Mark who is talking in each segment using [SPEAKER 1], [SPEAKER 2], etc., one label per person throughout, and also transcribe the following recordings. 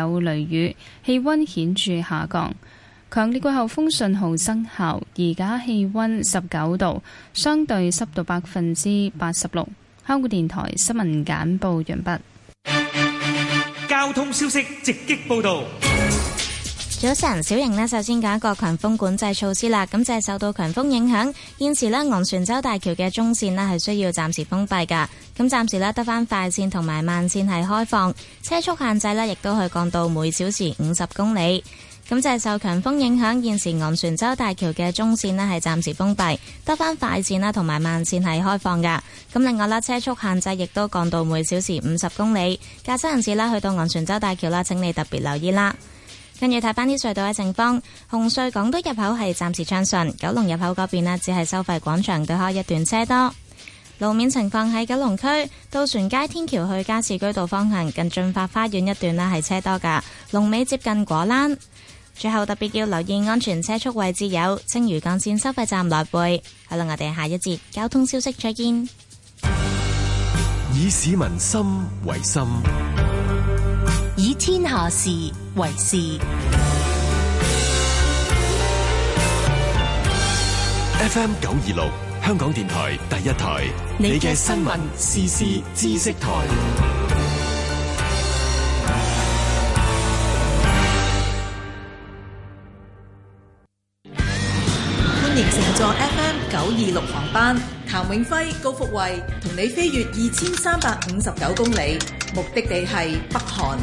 [SPEAKER 1] 有雷雨，氣溫顯著下降。強烈季候風信號生效，而家氣溫十九度，相對濕度百分之八十六。香港電台新聞簡報完畢。
[SPEAKER 2] 交通消息直擊報道。
[SPEAKER 3] 早晨，小瑩呢，首先講一個強風管制措施啦。咁就係受到強風影響，現時呢，昂船洲大橋嘅中綫呢係需要暫時封閉噶。咁暫時呢，得返快綫同埋慢綫係開放，車速限制呢亦都係降到每小時五十公里。咁就係受強風影響，現時昂船洲大橋嘅中綫呢係暫時封閉，得返快綫啦同埋慢綫係開放噶。咁另外啦，車速限制亦都降到每小時五十公里。駕駛人士啦，去到昂船洲大橋啦，請你特別留意啦。跟住睇翻啲隧道嘅情況，紅隧港島入口係暫時暢順，九龍入口嗰邊呢只係收費廣場對開一段車多。路面情況喺九龍區渡船街天橋去加士居道方向，近駿發花園一段啦係車多噶，龍尾接近果欄。最後特別要留意安全車速位置有青嶼幹線收費站來回。好啦，我哋下一節交通消息再見。
[SPEAKER 2] 以市民心為心。
[SPEAKER 3] 以天下事為事。
[SPEAKER 2] FM 九二六，香港電台第一台，你嘅新聞、時事、知識台。
[SPEAKER 3] 歡迎乘坐 FM 九二六航班，譚永輝、高福慧同你飛越二千三百五十九公里，目的地係北韓。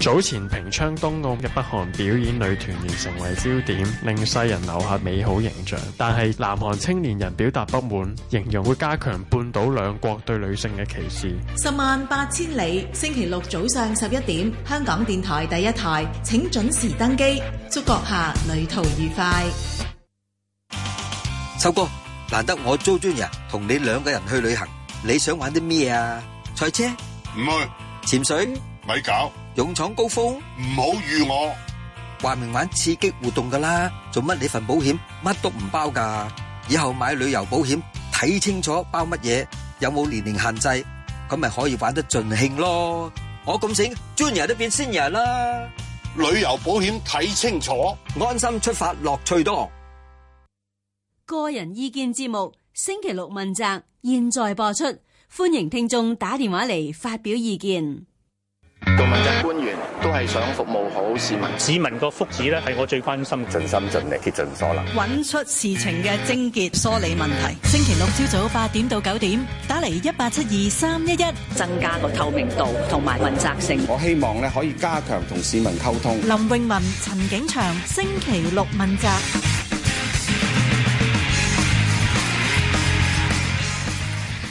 [SPEAKER 2] 早前平昌冬奧嘅北韓表演女團員成為焦點，令世人留下美好形象。但係南韓青年人表達不滿，形容會加強半島兩國對女性嘅歧視。
[SPEAKER 3] 十萬八千里，星期六早上十一點，香港電台第一
[SPEAKER 4] 台，請準時登機。祝閣下旅途愉快。秋哥，難得我租專人同你兩個人去旅行，你想玩啲咩啊？賽車？唔去。潛水？咪搞。勇闖高峰，唔好預我，話明玩刺激活動噶啦，做乜你份保險乜都唔包噶？以後買旅遊保險，睇清楚包乜嘢，有冇年齡限制，咁咪可以玩得盡興咯。我咁醒，專人都變先人啦。
[SPEAKER 5] 旅遊保險睇清楚，安心出發，樂趣多。
[SPEAKER 3] 個人意見節目，星期六問責，現在播出，歡迎聽眾打電話嚟發表意見。
[SPEAKER 6] 官員都係想服
[SPEAKER 2] 務好市民，市民個福祉咧係我最關心，盡心盡力，竭盡所能，
[SPEAKER 3] 揾出事情嘅症結，梳理問題。星期六朝早八點到九點，打嚟一八七二
[SPEAKER 5] 三一一，增加個透明度同埋問責性。我希望咧可以加強同市民溝通。林詠雯、陳景祥，星期六問責。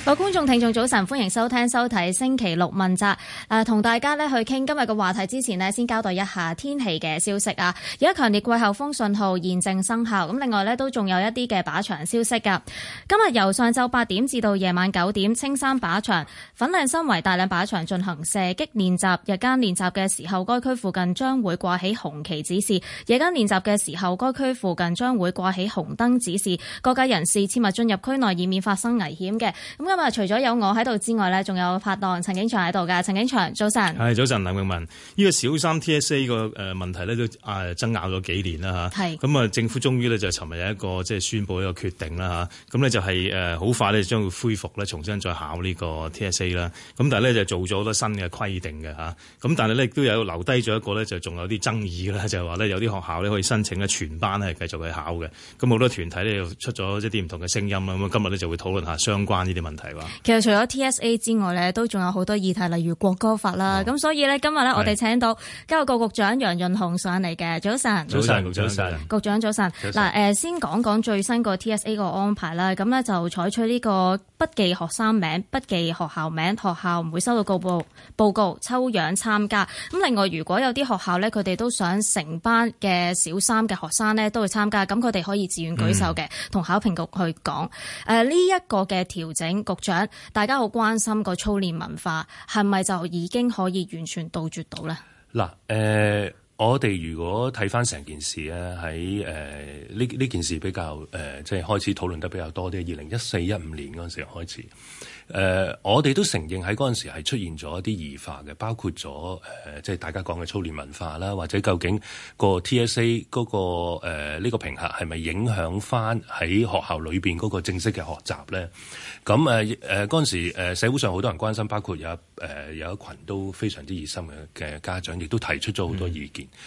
[SPEAKER 4] 各位觀眾、聽眾，早晨，歡迎收聽、收睇《星期六問責》呃。誒，同大家呢去傾今日嘅話題之前呢，先交代一下天氣嘅消息啊！一強烈季候風信號現正生效，咁另外呢都仲有一啲嘅靶場消息噶。今日由上晝八點至到夜晚九點，青山靶場粉嶺新圍大量靶場進行射擊練習。日間練習嘅時候，該區附近將會掛起紅旗指示；夜間練習嘅時候，該區附近將會掛起紅燈指示。各界人士切勿進入區內，以免發生危險嘅。咁咁啊，除咗有我喺度之外咧，仲有拍檔陳景祥喺度噶。陳景祥，早晨。係
[SPEAKER 2] 早晨，林詠雯。呢個小三 T S A 個誒問題咧都誒爭拗咗幾年啦吓。係。咁啊，政府終於咧就尋日有一個即係宣布一個決定啦吓。咁咧就係誒好快咧將會恢復咧，重新再考呢個 T S A 啦。咁但係咧就做咗好多新嘅規定嘅吓。咁但係咧亦都有留低咗一個咧就仲有啲爭議啦，就係話咧有啲學校咧可以申請咧全班呢，繼續去考嘅。咁好多團體咧又出咗一啲唔同嘅聲音啦。咁今日咧就會討論下相關呢啲問題。
[SPEAKER 4] 其實除咗 TSA 之外咧，都仲有好多議題，例如國歌法啦。咁、哦、所以咧，今日咧我哋請到教育局局長楊潤雄上嚟嘅。早晨，早晨，局長，早晨。局長早晨，早晨嗱，誒先講講最新個 TSA 個安排啦。咁咧就採取呢個不記學生名、不記學校名，學校唔會收到告報告，抽樣參加。咁另外，如果有啲學校咧，佢哋都想成班嘅小三嘅學生咧，都會參加，咁佢哋可以自願舉手嘅，同、嗯、考評局去講。誒呢一個嘅調整。局長，大家好關心個操練文化係咪就已經可以完全杜絕到咧？
[SPEAKER 6] 嗱，誒，我哋如果睇翻成件事咧，喺誒呢呢件事比較誒，即係開始討論得比較多啲，二零一四一五年嗰陣時候開始。誒、呃，我哋都承認喺嗰時時係出現咗一啲異化嘅，包括咗誒，即、呃、係、就是、大家講嘅操練文化啦，或者究竟個 TSA 嗰、那個呢、呃這個評核係咪影響翻喺學校裏面嗰個正式嘅學習咧？咁誒誒嗰時時、呃、社會上好多人關心，包括有誒、呃、有一群都非常之熱心嘅嘅家長，亦都提出咗好多意見。嗯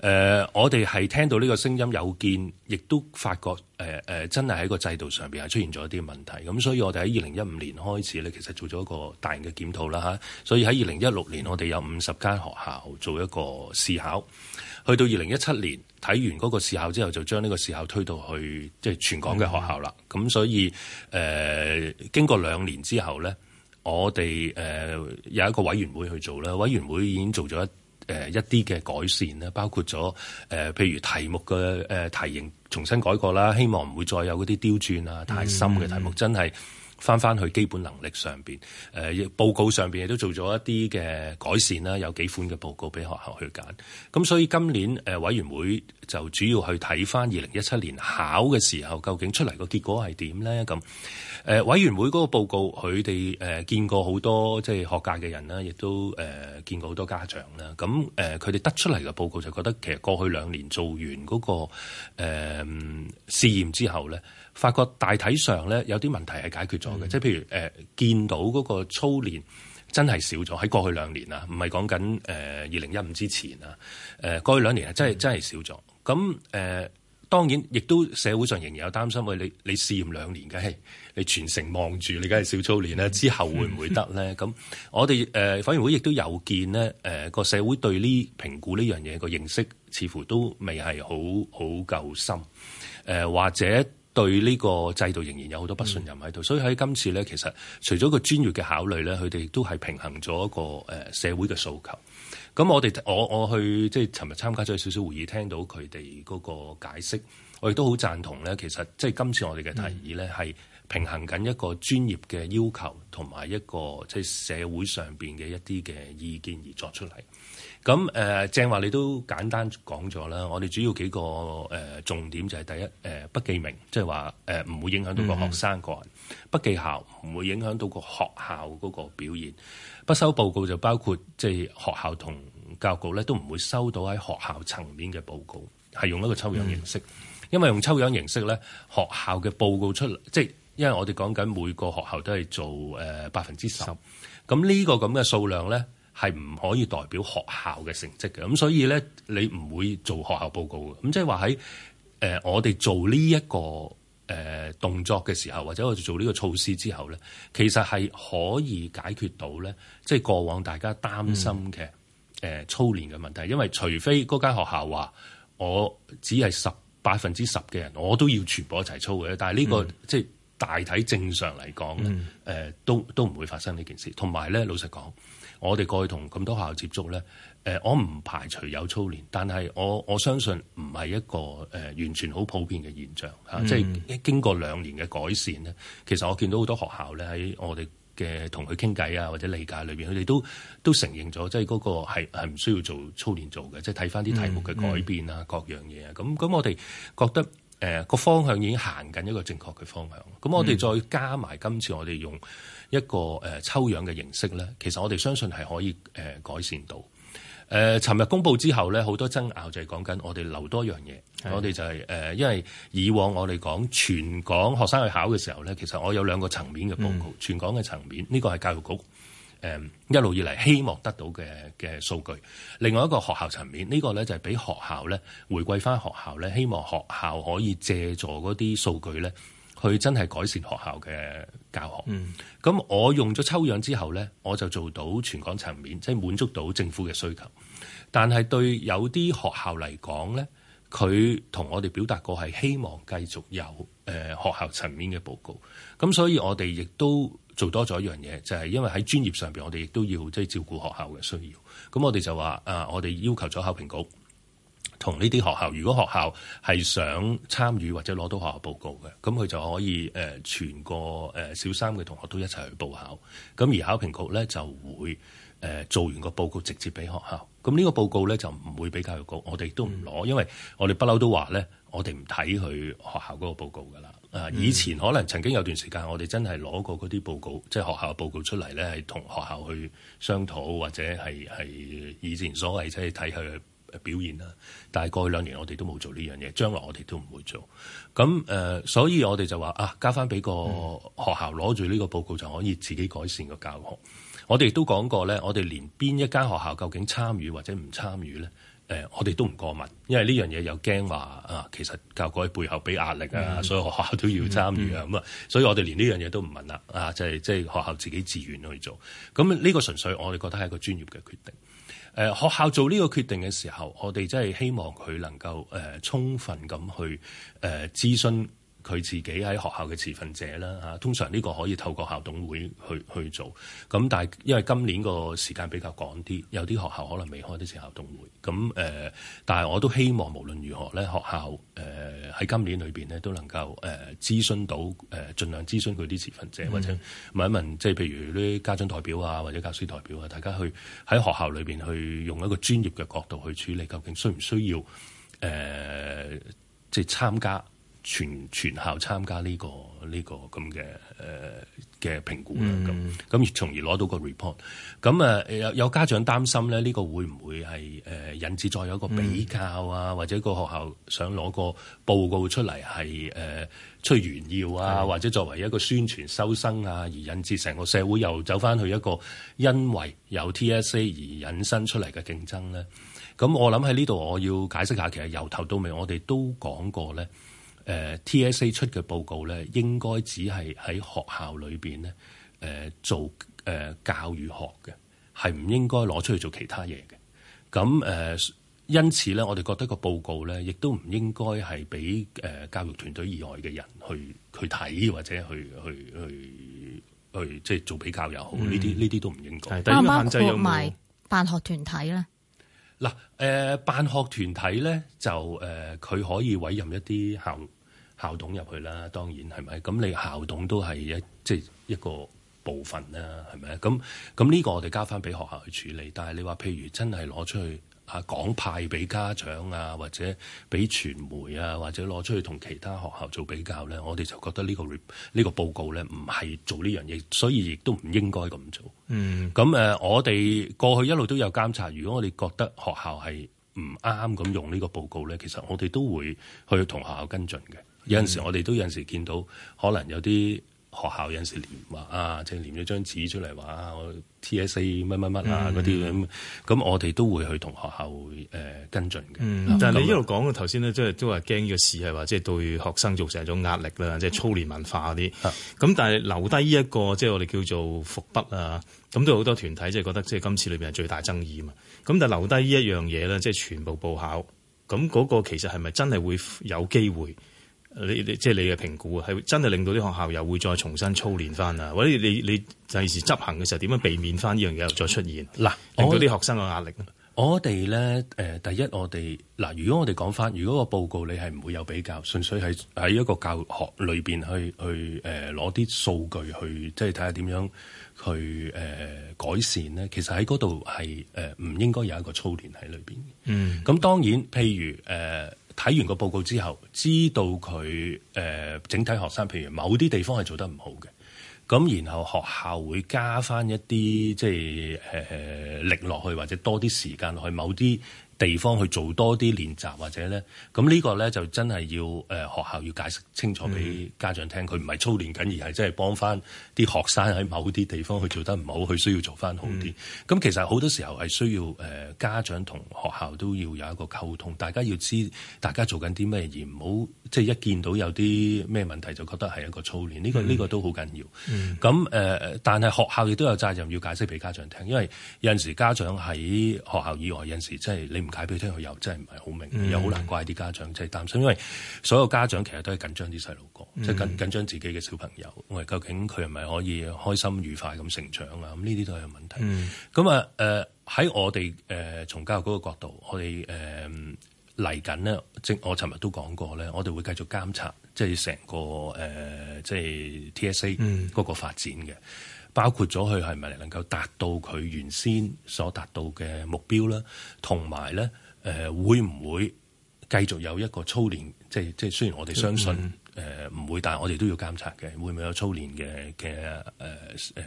[SPEAKER 6] 誒、呃，我哋係聽到呢個聲音有見，亦都發覺誒誒、呃呃，真係喺個制度上邊係出現咗一啲問題。咁所以我哋喺二零一五年開始咧，其實做咗一個大型嘅檢討啦嚇。所以喺二零一六年，我哋有五十間學校做一個試考，去到二零一七年睇完嗰個試考之後，就將呢個試考推到去即係、就是、全港嘅學校啦。咁、嗯、所以誒、呃，經過兩年之後咧，我哋誒、呃、有一個委員會去做啦。委員會已經做咗。誒、呃、一啲嘅改善啦，包括咗誒、呃、譬如題目嘅誒、呃、題型重新改過啦，希望唔會再有嗰啲刁鑽啊、太、嗯、深嘅題目，真係。翻翻去基本能力上邊，誒報告上邊亦都做咗一啲嘅改善啦，有幾款嘅報告俾學校去揀。咁所以今年誒委員會就主要去睇翻二零一七年考嘅時候，究竟出嚟個結果係點咧？咁誒委員會嗰個報告，佢哋誒見過好多即係學界嘅人啦，亦都誒見過好多家長啦。咁誒佢哋得出嚟嘅報告就覺得，其實過去兩年做完嗰、那個誒、呃、試驗之後咧。發覺大體上咧，有啲問題係解決咗嘅，即、嗯、係譬如誒、呃、見到嗰個操練真係少咗喺過去兩年啦，唔係講緊誒二零一五之前啦。誒、呃、過去兩年係真係真係少咗。咁誒、呃、當然亦都社會上仍然有擔心喂，你你試驗兩年嘅，你全城望住你，梗係少操練啦。嗯、之後會唔會得咧？咁 我哋誒，反、呃、而會亦都有見呢誒個社會對呢評估呢樣嘢個認識似乎都未係好好夠深誒、呃，或者。對呢個制度仍然有好多不信任喺度，所以喺今次呢，其實除咗個專業嘅考慮呢，佢哋都係平衡咗一個誒社會嘅訴求。咁我哋我我去即係尋日參加咗少少會議，聽到佢哋嗰個解釋，我亦都好贊同呢。其實即係今次我哋嘅提議呢係平衡緊一個專業嘅要求同埋一個即係社會上邊嘅一啲嘅意見而作出嚟。咁誒、呃，正話你都簡單講咗啦。我哋主要幾個誒、呃、重點就係第一誒、呃、不記名，即係話誒唔會影響到個學生個人；mm-hmm. 不記校，唔會影響到個學校嗰個表現；不收報告就包括即係、就是、學校同教育局咧都唔會收到喺學校層面嘅報告，係用一個抽樣形式，mm-hmm. 因為用抽樣形式咧，學校嘅報告出嚟即因為我哋講緊每個學校都係做百分之十，咁呢個咁嘅數量咧係唔可以代表學校嘅成績嘅，咁所以咧你唔會做學校報告嘅。咁即係話喺我哋做呢一個誒動作嘅時候，或者我哋做呢個措施之後咧，其實係可以解決到咧，即係過往大家擔心嘅誒操練嘅問題、嗯，因為除非嗰間學校話我只係十百分之十嘅人，我都要全部一齊操嘅，但係呢個即係。嗯大體正常嚟講，誒、嗯呃、都都唔會發生呢件事。同埋咧，老實講，我哋過去同咁多學校接觸咧、呃，我唔排除有操練，但係我我相信唔係一個、呃、完全好普遍嘅現象嚇即係、啊嗯就是、經過兩年嘅改善咧，其實我見到好多學校咧喺我哋嘅同佢傾偈啊，或者理解裏面，佢哋都都承認咗，即係嗰個係係唔需要做操練做嘅。即係睇翻啲題目嘅改變、嗯、啊，各樣嘢啊，咁咁我哋覺得。誒、呃、個方向已經行緊一個正確嘅方向，咁我哋再加埋今次我哋用一個抽樣嘅形式咧，其實我哋相信係可以、呃、改善到。誒、呃，尋日公佈之後咧，好多爭拗就係講緊我哋留多樣嘢，我哋就係、是、誒、呃，因為以往我哋講全港學生去考嘅時候咧，其實我有兩個層面嘅報告，嗯、全港嘅層面呢、呢個係教育局。誒一路以嚟希望得到嘅嘅數據，另外一個學校層面呢個咧就係俾學校咧回歸翻學校咧，希望學校可以借助嗰啲數據咧，去真係改善學校嘅教學。嗯，咁我用咗抽樣之後咧，我就做到全港層面，即係滿足到政府嘅需求。但係對有啲學校嚟講咧，佢同我哋表達過，係希望繼續有誒學校層面嘅報告。咁所以我哋亦都。做多咗一樣嘢，就係、是、因為喺專業上邊，我哋亦都要即係照顧學校嘅需要。咁我哋就話啊，我哋要求咗考評局同呢啲學校，如果學校係想參與或者攞到學校報告嘅，咁佢就可以誒、呃、全個誒小三嘅同學都一齊去報考。咁而考評局咧就會誒、呃、做完個報告直接俾學校。咁呢個報告咧就唔會俾教育局。我哋都唔攞、嗯，因為我哋不嬲都話咧，我哋唔睇佢學校嗰個報告噶啦。啊！以前可能曾經有段時間，我哋真係攞過嗰啲報告，即係學校報告出嚟咧，係同學校去商討，或者係係以前所謂即係睇佢嘅表現啦。但係過去兩年，我哋都冇做呢樣嘢，將來我哋都唔會做。咁誒，所以我哋就話啊，交翻俾個學校攞住呢個報告就可以自己改善個教學。我哋亦都講過咧，我哋連邊一間學校究竟參與或者唔參與咧，誒、呃，我哋都唔過問，因為呢樣嘢有驚話啊，其實教改背後俾壓力啊，mm-hmm. 所有學校都要參與啊，咁、mm-hmm. 啊，所以我哋連呢樣嘢都唔問啦，啊，就係即係學校自己自願去做，咁呢個純粹我哋覺得係一個專業嘅決定。誒、呃，學校做呢個決定嘅時候，我哋真係希望佢能夠誒、呃、充分咁去誒諮詢。呃佢自己喺學校嘅持份者啦，吓，通常呢個可以透過校董會去去做。咁但係因為今年個時間比較趕啲，有啲學校可能未開得成校董會，咁誒，但係我都希望無論如何咧，學校誒喺今年裏邊咧，都能夠誒諮詢到誒盡量諮詢佢啲持份者、嗯、或者問一問即係譬如啲家長代表啊，或者教師代表啊，大家去喺學校裏邊去用一個專業嘅角度去處理，究竟需唔需要誒、呃、即係參加？全全校參加呢，這個呢，這個咁嘅誒嘅評估啦，咁咁從從而攞到個 report。咁誒有有家長擔心咧，呢個會唔會係誒、呃、引致再有一個比較啊，嗯，或者個學校想攞個報告出嚟係誒出炫耀啊，或者作為一個宣傳收生啊，而引致成個社會又走翻去一個因為有 TSA 而引申出嚟嘅競爭咧？咁我諗喺呢度，我要解釋下，其實由頭到尾我哋都講過咧。TSA 出嘅報告咧，應該只係喺學校裏面咧，做教與學嘅，係唔應該攞出去做其他嘢嘅。咁因此咧，我哋覺得個報告咧，亦都唔應該係俾教育團隊以外嘅人去去睇，或者去去去去即係做比較又好。呢啲呢啲都唔應該。第二個限制又唔係
[SPEAKER 4] 辦學團體咧。
[SPEAKER 6] 嗱，誒辦學團體咧就誒佢可以委任一啲校。校董入去啦，當然係咪？咁你校董都係一即係一個部分啦，係咪？咁咁呢個我哋交翻俾學校去處理。但係你話譬如真係攞出去啊，講派俾家長啊，或者俾傳媒啊，或者攞出去同其他學校做比較咧，我哋就覺得呢個呢個報告咧唔係做呢樣嘢，所以亦都唔應該咁做。嗯。咁、啊、我哋過去一路都有監察。如果我哋覺得學校係唔啱咁用呢個報告咧，其實我哋都會去同學校跟進嘅。有陣時我哋都有陣時見到，可能有啲學校有陣時黏話啊，即係黏咗張紙出嚟話 TSA 乜乜乜啊嗰啲咁。咁、嗯、我哋都會去同學校誒、呃、跟
[SPEAKER 2] 進嘅、嗯。但係你一路講頭先咧，即係都話驚嘅事係話，即係對學生造成一種壓力啦，即係操練文化嗰啲。咁但係留低呢一個即係我哋叫做伏筆啊，咁都有好多團體即係覺得即係今次裏面係最大爭議嘛。咁但係留低呢一樣嘢咧，即係全部報考，咁嗰個其實係咪真係會有機會？你即係、就是、你嘅評估啊，係真係令到啲學校又會再重新操練翻啊，或者你你第時執行嘅時候點樣避
[SPEAKER 6] 免翻呢樣嘢又再出現，令到啲學生嘅壓力咧？我哋咧誒，第一我哋嗱，如果我哋講翻，如果個報告你係唔會有比較，純粹係喺一個教學裏邊去去誒攞啲數據去即係睇下點樣去誒、呃、改善咧。其實喺嗰度係誒唔應該有一個操練喺裏邊嘅。嗯，咁當然譬如誒。呃睇完個報告之後，知道佢誒、呃、整體學生，譬如某啲地方係做得唔好嘅，咁然後學校會加翻一啲即係誒、呃、力落去，或者多啲時間落去某啲。地方去做多啲練習或者咧，咁呢個咧就真係要誒、呃、學校要解釋清楚俾家長聽，佢唔係操練緊，而係即係幫翻啲學生喺某啲地方去做得唔好，佢需要做翻好啲。咁、嗯、其實好多時候係需要誒、呃、家長同學校都要有一個溝通，大家要知大家做緊啲咩，而唔好即係一見到有啲咩問題就覺得係一個操練。呢個呢、嗯，這個都好緊要。咁、嗯、誒、呃，但係學校亦都有責任要解釋俾家長聽，因為有陣時家長喺學校以外，有陣時即係你。解俾佢聽佢又真係唔係好明，又，嗯，好難怪啲家長即係擔心，因為所有家長其實都係緊張啲細路哥，即係緊緊張自己嘅小朋友，我哋究竟佢係咪可以開心愉快咁成長啊？咁呢啲都係問題。咁、嗯、啊，誒喺、呃、我哋誒從教育嗰個角度，我哋誒嚟緊呢，即我尋日都講過咧，我哋會繼續監察，即係成個誒、呃、即係 TSA 嗰個發展嘅。嗯包括咗佢係咪能夠達到佢原先所達到嘅目標啦，同埋咧，誒、呃、會唔會繼續有一個操練，即係即係雖然我哋相信誒唔、嗯呃、會，但係我哋都要監察嘅，會唔會有操練嘅嘅誒誒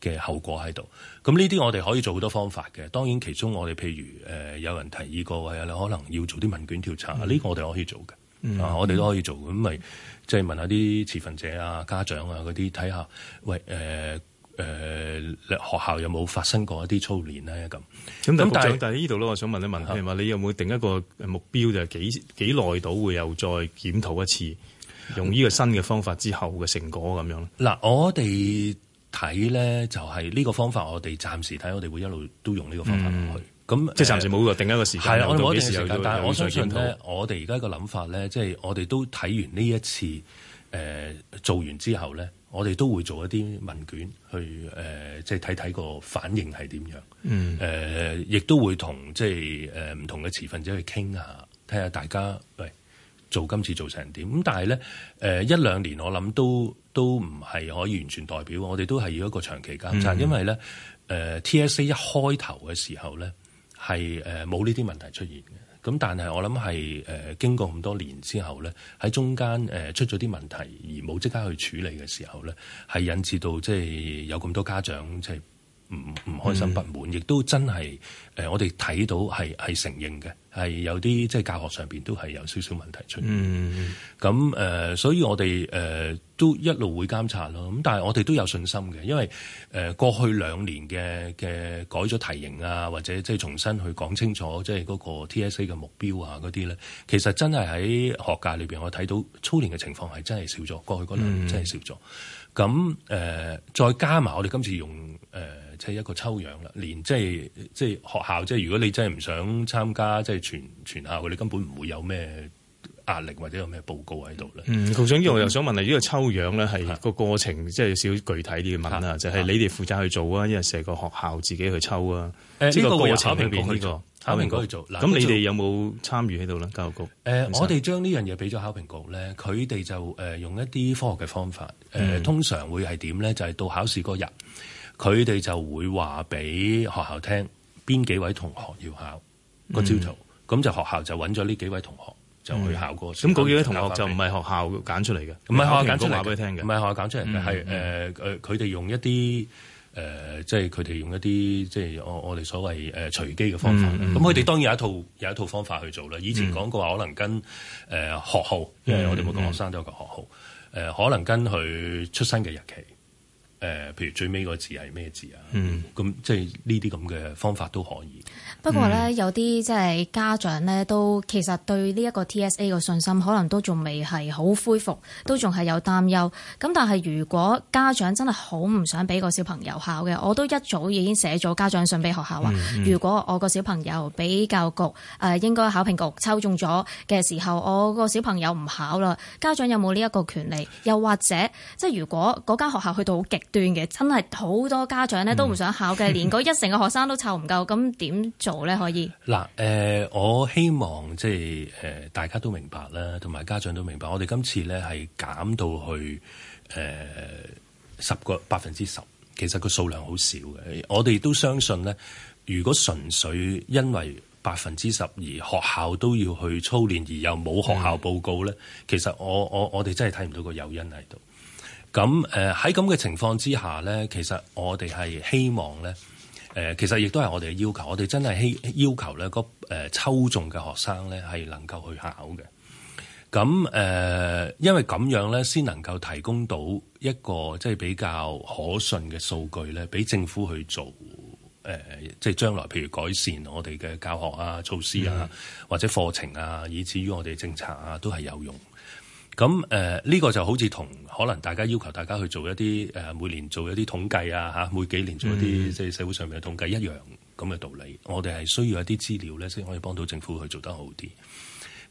[SPEAKER 6] 嘅後果喺度？咁呢啲我哋可以做好多方法嘅。當然其中我哋譬如誒、呃、有人提議過話啊，你、呃、可能要做啲問卷調查，呢、嗯這個我哋可以做嘅、
[SPEAKER 2] 嗯。啊，我哋都可以
[SPEAKER 6] 做咁咪即係問下啲持份者啊、家長啊嗰啲睇下，喂誒。呃誒、呃、學校有冇發生過一啲操練咧？咁咁但係但係呢度咧，我想問你問，下，譬如話你有冇定
[SPEAKER 2] 一個目標就是，就係幾幾耐到會有再檢討一次，嗯、用呢個新
[SPEAKER 6] 嘅方法之後嘅成果咁樣嗱，我哋睇咧就係、是、呢個方法，我哋暫時睇，我哋會一路都用呢個方法去。咁、嗯、即係暫時冇定一個時間，呃、我有幾時，到時有但我相信咧，我哋而家個諗法咧，即、就、係、是、我哋都睇完呢一次、呃、做完之後咧。我哋都會做一啲問卷，去誒、呃，即係睇睇個反應係點樣。誒、嗯，亦、呃、都會即、呃、同即係誒唔同嘅持份者去傾下，睇下大家喂做今次做成點？咁但係咧誒，一兩年我諗都都唔係可以完全代表。我哋都係要一個長期監察，嗯、因為咧誒、呃、TSA 一開頭嘅時候咧係誒冇呢啲問題出現嘅。咁但係我諗係誒經過咁多年之後呢，喺中間誒出咗啲問題而冇即刻去處理嘅時候呢，係引致到即係有咁多家長即係唔唔開心不滿，亦、嗯、都真係誒我哋睇到係係承認嘅。係有啲即係教學上面都係有少少問題出現，咁、嗯、誒、呃，所以我哋誒、呃、都一路會監察咯。咁但係我哋都有信心嘅，因為誒、呃、過去兩年嘅嘅改咗題型啊，或者即係重新去講清楚，即係嗰個 TSA 嘅目標啊嗰啲咧，其實真係喺學界裏面我睇到操練嘅情況係真係少咗，過去嗰兩年真係少咗。咁、嗯、誒、呃、再加埋我哋今次用誒。呃即、就、係、是、一個抽樣啦，連即係即係學校，即係如果你真係唔想參加，即係全全校你根本唔會有咩壓力或者有咩報告喺度咧。嗯，
[SPEAKER 2] 咁所以我又想問下呢、這個抽樣咧，係個過程即係少具體啲嘅問啦，就係、是、你哋負責去做啊，因為成個學校自己去抽啊。誒、呃，呢個過程去邊去做？考評局去做。咁你哋有冇
[SPEAKER 6] 參與喺度咧？教育局？誒、呃，我哋將呢樣嘢俾咗考評局咧，佢哋就誒用一啲科學嘅方法，誒、呃嗯、通常會係點咧？就係、是、到考試嗰日。佢哋就會話俾學校聽邊幾位同學要考、嗰個招數，咁、嗯、就學校就揾咗呢幾位同學就去考過。咁嗰幾位同學就唔係學校揀出嚟嘅，唔係學校揀出嚟嘅，唔係學校揀出嚟嘅，係誒誒，佢哋、嗯呃嗯、用一啲誒，即係佢哋用一啲即係我我哋所謂誒、呃、隨機嘅方法。咁佢哋當然有一套、嗯、有一套方法去做啦。以前講過話、嗯、可能跟誒、呃、學號、嗯，因為我哋每個學生都有個學號，誒、嗯嗯、可能跟佢出生嘅日期。誒、呃，譬如最尾個字係咩字啊？嗯，咁即係呢啲咁嘅方法都可以。不過呢，嗯、
[SPEAKER 4] 有啲即係家長呢，都其實對呢一個 TSA 嘅信心，可能都仲未係好恢復，都仲係有擔憂。咁但係，如果家長真係好唔想俾個小朋友考嘅，我都一早已經寫咗家長信俾學校話：「如果我個小朋友俾教育局誒、呃、應該考評局抽中咗嘅時候，我個小朋友唔考啦。」家長有冇呢一個權利？又或者，即係如果嗰間學校去到好極？段嘅真係好多家長咧都唔想考嘅、嗯，連嗰一成嘅學生都湊唔夠，咁點做咧？可以
[SPEAKER 6] 嗱，誒、呃、我希望即係誒大家都明白啦，同埋家長都明白，我哋今次咧係減到去誒十、呃、個百分之十，其實個數量好少嘅。我哋都相信咧，如果純粹因為百分之十而學校都要去操練，而又冇學校報告咧，其實我我我哋真係睇唔到個誘因喺度。咁誒，喺咁嘅情況之下咧，其實我哋係希望咧誒、呃、其實亦都係我哋嘅要求，我哋真係希要求咧個誒抽中嘅學生咧係能夠去考嘅。咁誒、呃、因為咁樣咧，先能夠提供到一個即係、就是、比較可信嘅數據咧，俾政府去做誒，即係將來譬如改善我哋嘅教學啊、措施啊、嗯，或者課程啊，以至於我哋政策啊，都係有用。咁誒，呢個就好似同。可能大家要求大家去做一啲誒，每年做一啲統計啊，吓，每幾年做一啲即係社會上面嘅統計、嗯、一樣，咁嘅道理。我哋係需要一啲資料咧，先可以幫到政府去做得好啲。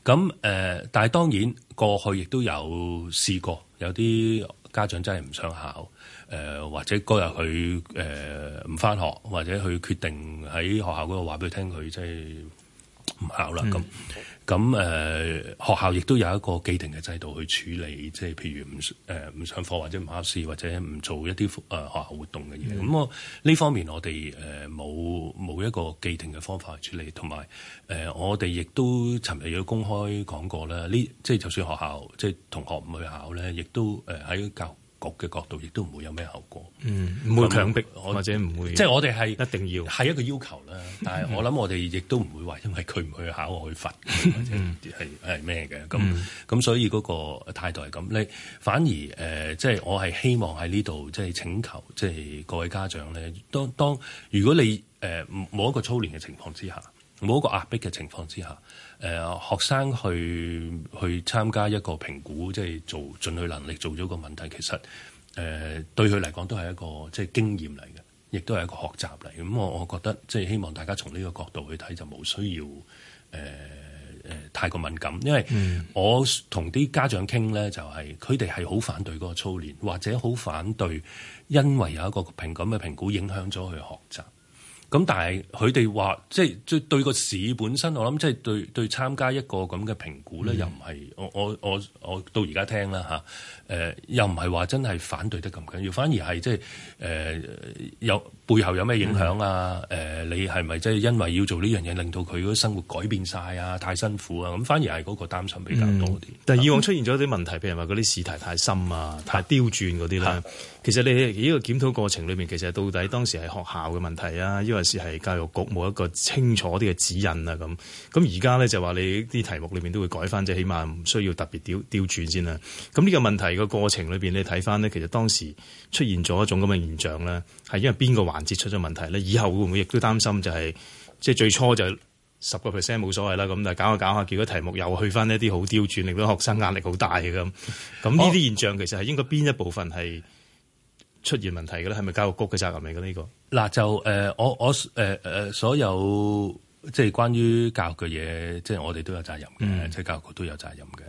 [SPEAKER 6] 咁誒、呃，但係當然過去亦都有試過，有啲家長真係唔想考誒、呃，或者嗰日佢誒唔翻學，或者佢決定喺學校嗰度話俾佢聽，佢即係唔考啦咁。嗯咁誒、呃、學校亦都有一個既定嘅制度去處理，即係譬如唔誒唔上課或者唔考試或者唔做一啲誒、呃、學校活動嘅嘢。咁、嗯、我呢方面我哋誒冇冇一個既定嘅方法去處理，同埋誒我哋亦都尋日有公開講過啦。呢即係就算學校即係、就是、同學唔去考咧，亦都誒喺教局嘅角度亦都唔會有咩後果，唔、嗯、會強迫我或者唔會，即係我哋係、就是、一定要係一個要求啦。但係我諗我哋亦都唔會話因為佢唔去考我去罰 或者係係咩嘅。咁 咁所以嗰個態度係咁。你反而誒，即、呃、係、就是、我係希望喺呢度即係請求，即、就、係、是、各位家長咧。當當如果你誒冇、呃、一個操練嘅情況之下，冇一個壓迫嘅情況之下。誒、呃、學生去去參加一個評估，即係做進去能力做咗個問題，其實誒、呃、對佢嚟講都係一個即係經驗嚟嘅，亦都係一個學習嚟嘅。咁、嗯、我我覺得即係希望大家從呢個角度去睇，就冇需要誒、呃呃、太過敏感，因為我同啲家長傾咧，就係佢哋係好反對嗰個操練，或者好反對，因為有一個平感嘅評估影響咗佢學習。咁但係佢哋話，即係對對個市本身，我諗即係對對參加一個咁嘅評估咧，又唔係我我我我到而家聽啦嚇，誒又唔係話真係反對得咁緊要，反而係即係誒有。背後有咩影響啊？誒、呃，你係咪真係因為要做呢樣嘢，令到佢嗰生活改變晒啊？太辛苦啊！咁反而係嗰個擔心比較多啲、嗯。但係以往出現咗啲問題，譬如話嗰啲試題太深
[SPEAKER 2] 啊、太刁鑽嗰啲啦。其實你呢個檢討過程裏邊，其實到底當時係學校嘅問題啊，抑或是係教育局冇一個清楚啲嘅指引啊咁。咁而家咧就話你啲題目裏邊都會改翻，即起碼唔需要特別刁刁鑽先啦、啊。咁呢個問題個過程裏邊你睇翻咧，其實當時出現咗一種咁嘅現象咧，係因為邊個環？接出咗問題咧，以後會唔會亦都擔心就係、是，即係最初就十個 percent 冇所謂啦，咁但係搞下搞下，結果題目又去翻一啲好刁鑽，令到學生壓力好大嘅咁。咁呢啲現象其
[SPEAKER 6] 實係應該邊一部分係出現問題嘅咧？係咪教育局嘅責任嚟嘅呢個？嗱、啊，就誒、呃，我我誒誒、呃，所有即係關於教育嘅嘢，即係我哋都有責任嘅、嗯，即係教育局都有責任嘅。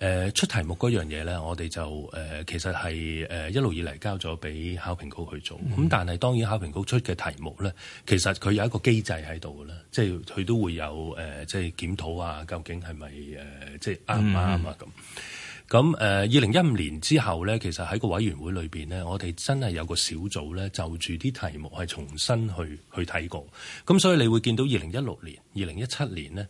[SPEAKER 6] 誒出題目嗰樣嘢咧，我哋就誒、呃、其實係誒、呃、一路以嚟交咗俾考評局去做。咁、嗯、但係當然考評局出嘅題目咧，其實佢有一個機制喺度呢，即係佢都會有誒、呃、即係檢討啊，究竟係咪誒即係啱唔啱啊咁。咁誒二零一五年之後咧，其實喺個委員會裏邊咧，我哋真係有個小組咧，就住啲題目係重新去去睇過。咁所以你會見到二零一六年、二零一七年咧，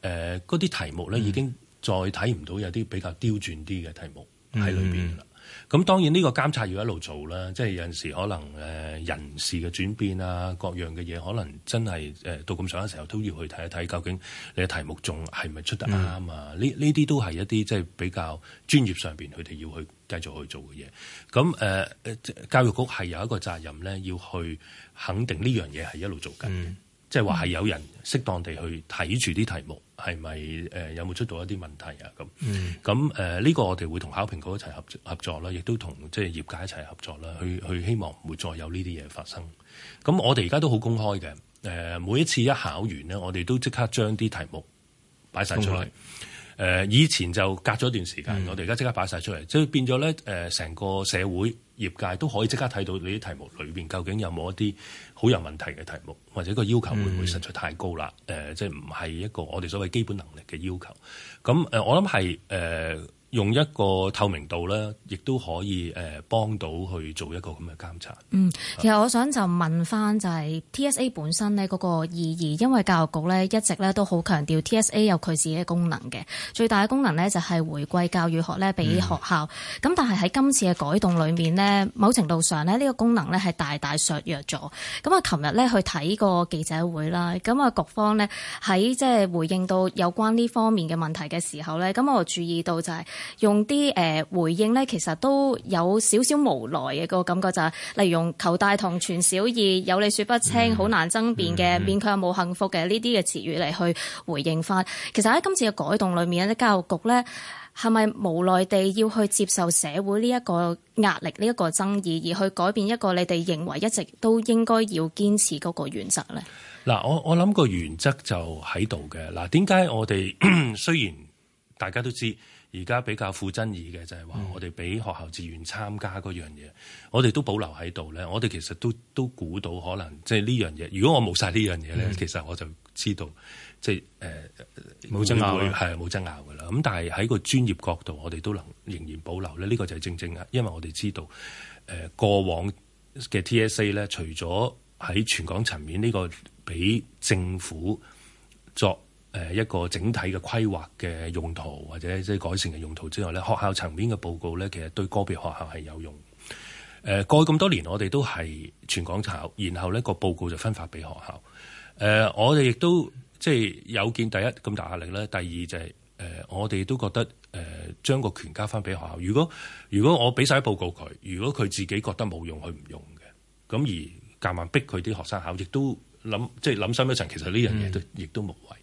[SPEAKER 6] 誒嗰啲題目咧已經、嗯。再睇唔到有啲比較刁鑽啲嘅題目喺裏邊，啦、嗯。咁當然呢個監察要一路做啦，即係有陣時可能誒人事嘅轉變啊，各樣嘅嘢，可能真係誒到咁上嘅時候都要去睇一睇，究竟你嘅題目仲係咪出得啱、嗯、啊？呢呢啲都係一啲即係比較專業上邊佢哋要去繼續去做嘅嘢。咁誒、呃、教育局係有一個責任咧，要去肯定呢樣嘢係一路做緊、嗯，即係話，係有人適當地去睇住啲題目。係咪誒有冇出到一啲問題啊？咁咁誒呢個我哋會同考評局一齊合作合作啦，亦都同即係業界一齊合作啦，去去希望唔會再有呢啲嘢發生。咁、嗯、我哋而家都好公開嘅誒、呃，每一次一考完咧，我哋都即刻將啲題目擺晒出嚟。Okay. 誒以前就隔咗一段時間，嗯、我哋而家即刻擺晒出嚟，即係變咗咧誒，成個社會業界都可以即刻睇到你啲題目裏邊究竟有冇一啲好有問題嘅題目，或者個要求會唔會實在太高啦？誒、嗯，即係唔係一個我哋所謂基本能力嘅要求？咁我諗係誒。呃用一個透明度咧，亦都可以誒幫到去做一個咁嘅監察。嗯，
[SPEAKER 4] 其實我想問就問翻就係 TSA 本身咧嗰個意義，因為教育局咧一直咧都好強調 TSA 有佢自己嘅功能嘅，最大嘅功能咧就係回歸教育學咧俾學校。咁、嗯、但係喺今次嘅改動裡面呢，某程度上咧呢個功能咧係大大削弱咗。咁啊，琴日咧去睇個記者會啦，咁啊局方咧喺即係回應到有關呢方面嘅問題嘅時候咧，咁我注意到就係、是。用啲回應咧，其實都有少少無奈嘅個感覺，就係例如用求大同存小異、有理說不清、好難爭辯嘅、勉強冇幸福嘅呢啲嘅詞語嚟去回應翻。其實喺今次嘅改動裏面，呢教育局咧係咪無奈地要去接受社會呢一個壓力、呢一個爭議，而去改變一個你哋認為一直都應該要堅持嗰個原則咧？
[SPEAKER 6] 嗱，我我諗個原則就喺度嘅嗱。點解我哋雖然大家都知？而家比較富爭議嘅就係話，嗯，我哋俾學校自願參加嗰樣嘢，我哋都保留喺度咧。我哋其實都都估到可能即係呢樣嘢。如果我冇晒呢樣嘢咧，其實我就知道即係誒冇爭拗係冇爭拗㗎啦。咁但係喺個專業角度，我哋都能仍然保留咧。呢，這個就係正正啊，因為我哋知道誒，呃、過往嘅 TSA 咧，除咗喺全港層面呢個俾政府作。誒一個整體嘅規劃嘅用途，或者即係改善嘅用途之外咧，學校層面嘅報告咧，其實對個別學校係有用。過去咁多年，我哋都係全港考，然後呢個報告就分發俾學校。誒、呃、我哋亦都即係有見第一咁大壓力咧，第二就係、是呃、我哋都覺得誒將個權交翻俾學校。如果如果我俾晒啲報告佢，如果佢自己覺得冇用，佢唔用嘅咁而夾硬逼佢啲學生考，亦都諗即係諗深一層，其實呢樣嘢都亦都冇謂。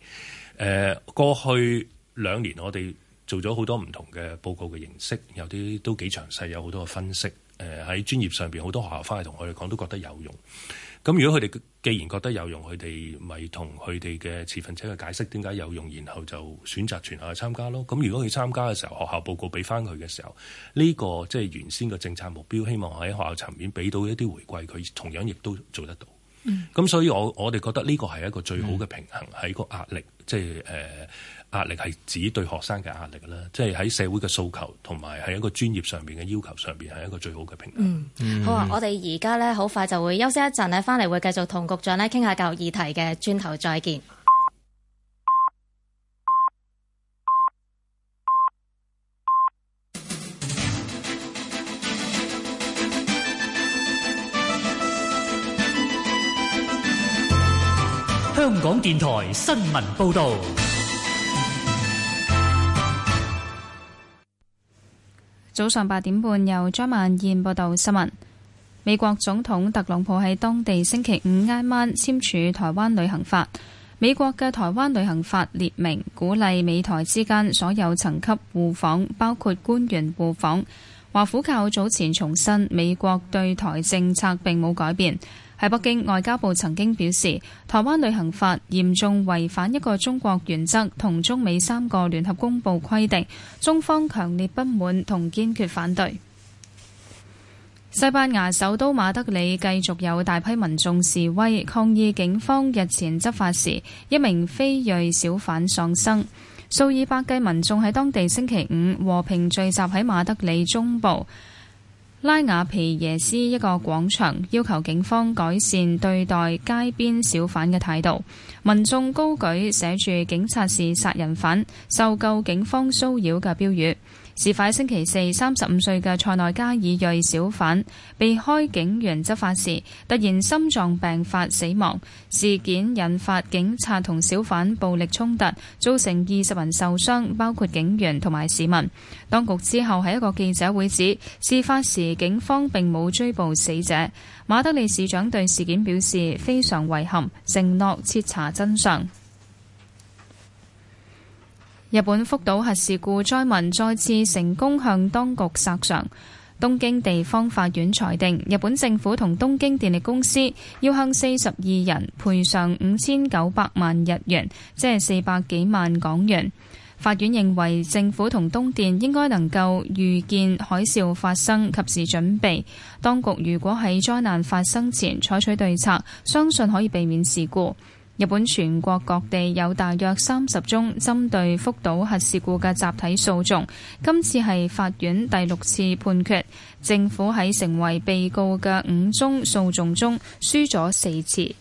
[SPEAKER 6] 誒過去兩年，我哋做咗好多唔同嘅報告嘅形式，有啲都幾詳細，有好多嘅分析。誒喺專業上邊，好多學校翻嚟同我哋講，都覺得有用。咁如果佢哋既然覺得有用，佢哋咪同佢哋嘅持份者去解釋點解有用，然後就選擇全校去參加咯。咁如果佢參加嘅時候，學校報告俾翻佢嘅時候，呢個即係原先嘅政策目標，希望喺學校層面俾到一啲回饋，佢同樣亦都做得到。咁、嗯、所以，我我哋覺得呢個係一個最好嘅平衡，嗯、係一個壓力，即係誒壓力係指對學生嘅壓力啦，即係喺社會嘅訴求同埋係一個專業上面嘅要求上面，係一個最好嘅平衡。嗯嗯、好啊，我
[SPEAKER 4] 哋而家呢，好快就會休息一陣呢，翻嚟會繼續同局長呢傾下教育議題嘅，轉頭再見。
[SPEAKER 1] 香港電台新聞報道，早上八點半，由張曼燕報道新聞。美國總統特朗普喺當地星期五挨晚簽署台灣旅行法。美國嘅台灣旅行法列明鼓勵美台之間所有層級互訪，包括官員互訪。華府較早前重申，美國對台政策並冇改變。喺北京，外交部曾經表示，台灣旅行法嚴重違反一個中國原則同中美三個聯合公報規定，中方強烈不滿同堅決反對。西班牙首都馬德里繼續有大批民眾示威抗議，警方日前執法時一名非裔小販喪生，數以百計民眾喺當地星期五和平聚集喺馬德里中部。拉瓦皮耶斯一個廣場，要求警方改善對待街邊小販嘅態度。民眾高舉寫住「警察是殺人犯，受夠警方騷擾」嘅標語。事發星期四，三十五歲嘅塞內加爾裔小販被開警員執法時，突然心臟病發死亡。事件引發警察同小販暴力衝突，造成二十人受傷，包括警員同埋市民。當局之後喺一個記者會指，事發時警方並冇追捕死者。馬德里市長對事件表示非常遺憾，承諾徹查真相。日本福島核事故災民再次成功向當局索償。東京地方法院裁定，日本政府同東京電力公司要向四十二人賠償五千九百萬日元，即係四百幾萬港元。法院認為政府同東電應該能夠預見海嘯發生，及時準備，當局如果喺災難發生前採取對策，相信可以避免事故。日本全國各地有大約三十宗針對福島核事故嘅集體訴訟，今次係法院第六次判決，政府喺成為被告嘅五宗訴訟中輸咗四次。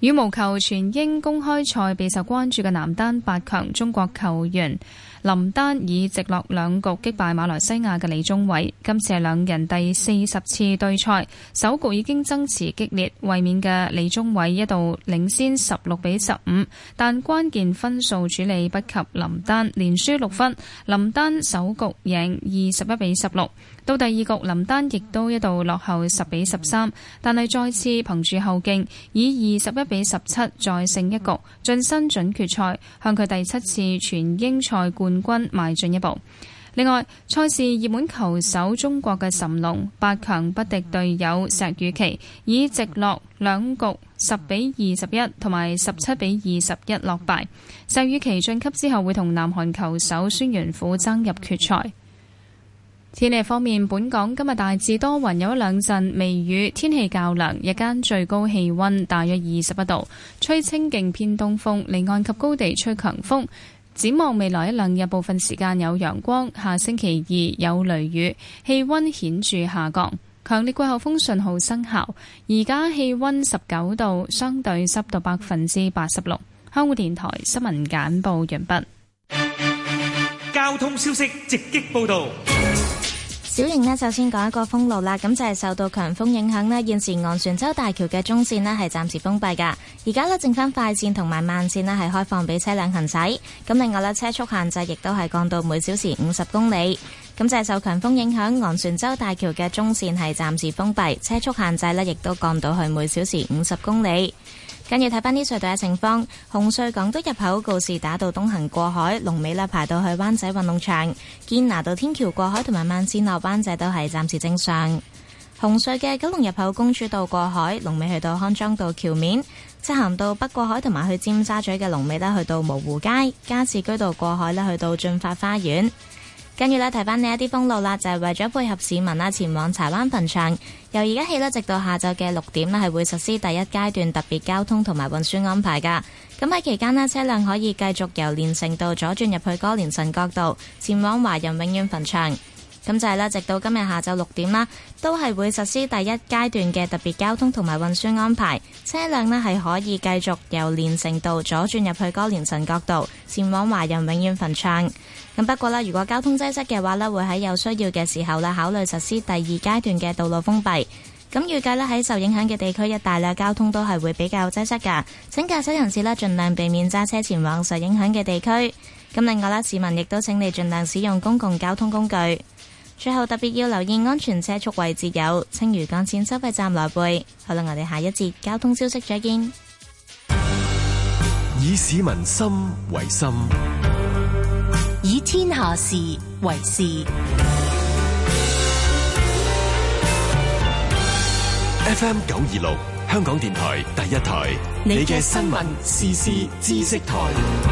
[SPEAKER 1] 羽毛球全英公開賽備受關注嘅男單八強，中國球員，林丹以直落兩局擊敗馬來西亞嘅李宗偉，今次係兩人第四十次對賽，首局已經爭持激烈，衛冕嘅李宗偉一度領先十六比十五，但關鍵分數處理不及林丹，連輸六分。林丹首局贏二十一比十六，到第二局林丹亦都一度落後十比十三，但係再次憑住後勁以二十一比十七再勝一局，晉身準決賽，向佢第七次全英賽冠。進軍邁進一步。另外，賽事熱門球手中國嘅諶龍八強不敵隊友石宇奇，以直落兩局十比二十一同埋，十七比二十一落敗。石宇奇晉級之後會同南韓球手孫元虎爭入決賽。天氣方面，本港今日大致多雲，有一兩陣微雨，天氣較涼，日間最高氣溫大約二十一度，吹清勁偏東風，離岸及高地吹強風。展望未來一兩日，部分時間有陽光；下星期二有雷雨，氣溫顯著下降。強烈季候風信號生效，而家氣溫十九度，相對濕度百分之八十六。香港電台新聞簡報完畢。
[SPEAKER 2] 交通消息直擊報導。
[SPEAKER 3] 小瑩呢，首先講一個封路啦。咁就係受到強風影響，呢現時昂船洲大橋嘅中線呢係暫時封閉噶。而家呢，剩翻快線同埋慢線呢係開放俾車輛行駛。咁另外呢，車速限制亦都係降到每小時五十公里。咁就係受強風影響，昂船洲大橋嘅中線係暫時封閉，車速限制呢亦都降到去每小時五十公里。跟住睇翻啲隧道嘅情況，紅隧港島入口告士打道東行過海，龍尾呢排到去灣仔運動場；堅拿道天橋過海同埋慢線落灣仔都係暫時正常。紅隧嘅九龍入口公主道過海，龍尾去到康莊道橋面，則行到北過海同埋去尖沙咀嘅龍尾呢去到蕪湖街、加士居道過海呢去到駿發花園。跟住咧，提翻呢一啲封路啦，就係為咗配合市民啦前往柴灣墳場。由而家起啦，直到下晝嘅六點啦，係會實施第一階段特別交通同埋運輸安排噶。咁喺期間咧，車輛可以繼續由連城道左轉入去歌連臣角道，前往華人永遠墳場。咁就係啦，直到今日下晝六點啦，都係會實施第一階段嘅特別交通同埋運輸安排。車輛呢係可以繼續由連城道左轉入去歌連臣角道，前往華人永遠墳場。咁不過啦，如果交通擠塞嘅話呢會喺有需要嘅時候呢考慮實施第二階段嘅道路封閉。咁預計呢，喺受影響嘅地區一帶，交通都係會比較擠塞㗎。請駕駛人士呢，盡量避免揸車前往受影響嘅地區。咁另外啦，市民亦都請你盡量使用公共交通工具。最後特別要留意安全車速位置有青嶼幹線收費站來背，好啦，我哋下一節交通消息再見。
[SPEAKER 2] 以市民心為心，
[SPEAKER 3] 以天下事為事。
[SPEAKER 2] FM 九二六，香港電台第一台，你嘅新聞、時事、知識台。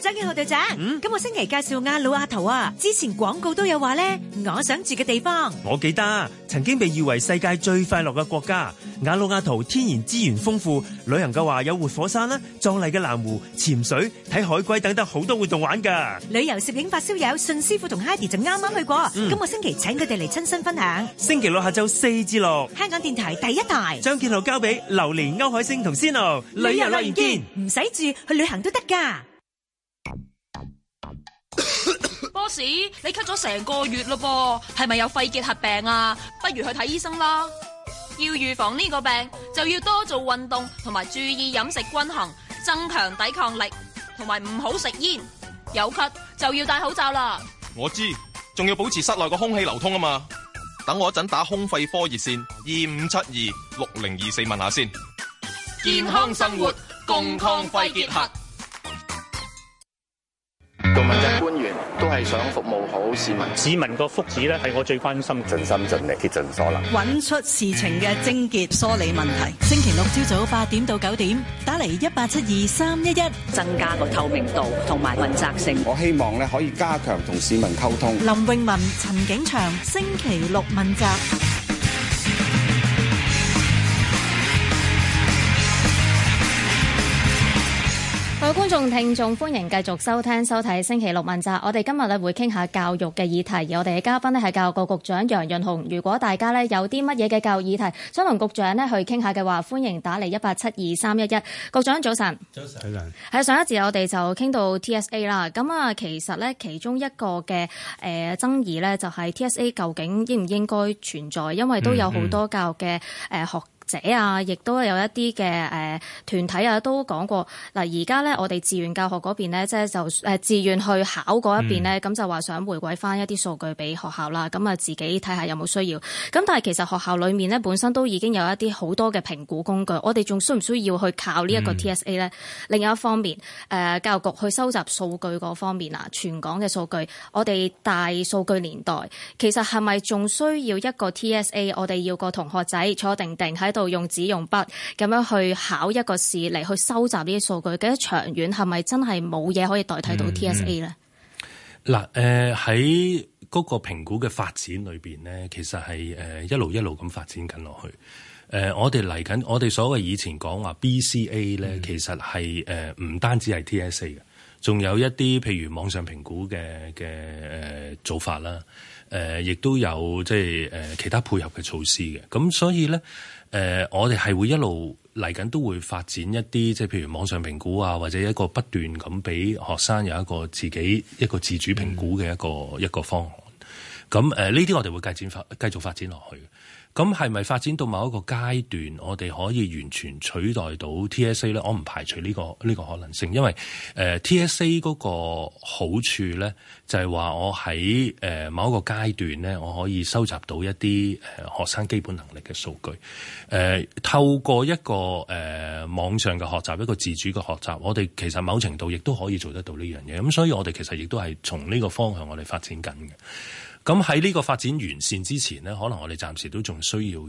[SPEAKER 4] 張建浩隊長，今個星期介紹瓦努阿圖啊，之前廣告都有話咧，我想住嘅地方，
[SPEAKER 2] 我記得曾經被譽為世界最快樂嘅國家，瓦努阿圖天然資源豐富，旅行嘅話有活火山啦，壯麗嘅藍湖，潛水睇海龜，等得好多活動玩噶。
[SPEAKER 4] 旅遊攝影發燒友信師傅同 Hidy 就啱啱去過，今個星期請佢哋嚟親身分享。
[SPEAKER 2] 星期六下晝四至六，
[SPEAKER 4] 香港電台第一台，
[SPEAKER 2] 張建浩交俾榴蓮歐海星同仙奴
[SPEAKER 4] 旅遊樂園見，唔使住去旅行都得噶。波士，咳 Boss, 你咳咗成個月咯噃，係咪有肺結核病啊？不如去睇醫生啦。要預防呢個病，就要多做運動同埋注
[SPEAKER 3] 意飲食均衡，增強抵抗力，同埋唔好食煙。有咳
[SPEAKER 4] 就要戴口罩啦。
[SPEAKER 2] 我知，仲要保持室內嘅空氣流通啊嘛。等我一陣打空肺科熱線二五七二六零二四問下先。
[SPEAKER 5] 健康生活，共抗肺結核。
[SPEAKER 2] 都係想服務好市民，市民個福祉咧係我最關心的，盡心盡力，竭盡所能，
[SPEAKER 5] 揾出事情嘅症結,梳理問題。星期六朝早八點到九點，打嚟一八七二三一一，增加個透明度同埋問責性。我希望咧可以加強同市民溝通。
[SPEAKER 4] 林詠雯、陳景祥，星期六問責。各位觀眾、聽眾，歡迎繼續收聽、收睇星期六問集。我哋今日咧會傾下教育嘅議題，而我哋嘅嘉賓咧係教育局局長楊潤雄。如果大家咧有啲乜嘢嘅教育議題想同局長咧去傾下嘅話，歡迎打嚟，一八七二三一一。局長早晨，早晨，係。喺上一節我哋就傾到 TSA 啦。咁啊，其實呢，其中一個嘅誒爭議呢就係 TSA 究竟應唔應該存在？因為都有好多教育嘅誒學。嗯嗯者啊，亦都有一啲嘅誒團體啊，都講過嗱。而家咧，我哋自願教學嗰邊咧，即係就誒自願去考嗰一邊咧，咁、嗯、就話想回饋翻一啲數據俾學校啦。咁啊，自己睇下有冇需要。咁但係其實學校裡面咧，本身都已經有一啲好多嘅評估工具，我哋仲需唔需要去靠呢一個 TSA 咧、嗯？另一方面，誒教育局去收集數據嗰方面啊，全港嘅數據，我哋大數據年代，其實係咪仲需要一個 TSA？我哋要個同學仔坐定定喺度。用紙用筆咁樣去考一個試嚟去收集呢啲數據，得長遠係咪真係冇嘢可以代替到 TSA 咧？
[SPEAKER 6] 嗱、嗯，誒喺嗰個評估嘅發展裏邊咧，其實係誒、呃、一路一路咁發展緊落去。誒、呃，我哋嚟緊，我哋所謂以前講話 BCA 咧、嗯，其實係誒唔單止係 TSA 嘅，仲有一啲譬如網上評估嘅嘅誒做法啦。誒、呃，亦都有即係誒、呃、其他配合嘅措施嘅。咁所以咧。誒、呃，我哋係會一路嚟緊，都會發展一啲，即係譬如網上評估啊，或者一個不斷咁俾學生有一個自己一個自主評估嘅一個、嗯、一個方案。咁誒呢啲我哋會發繼續發展落去。咁係咪發展到某一個階段，我哋可以完全取代到 TSA 咧？我唔排除呢個呢個可能性，因為誒 TSA 嗰個好處咧，就係話我喺誒某一個階段咧，我可以收集到一啲誒學生基本能力嘅數據。誒透過一個誒網上嘅學習，一個自主嘅學習，我哋其實某程度亦都可以做得到呢樣嘢。咁所以我哋其實亦都係從呢個方向我哋發展緊嘅。咁喺呢個發展完善之前呢，可能我哋暫時都仲需要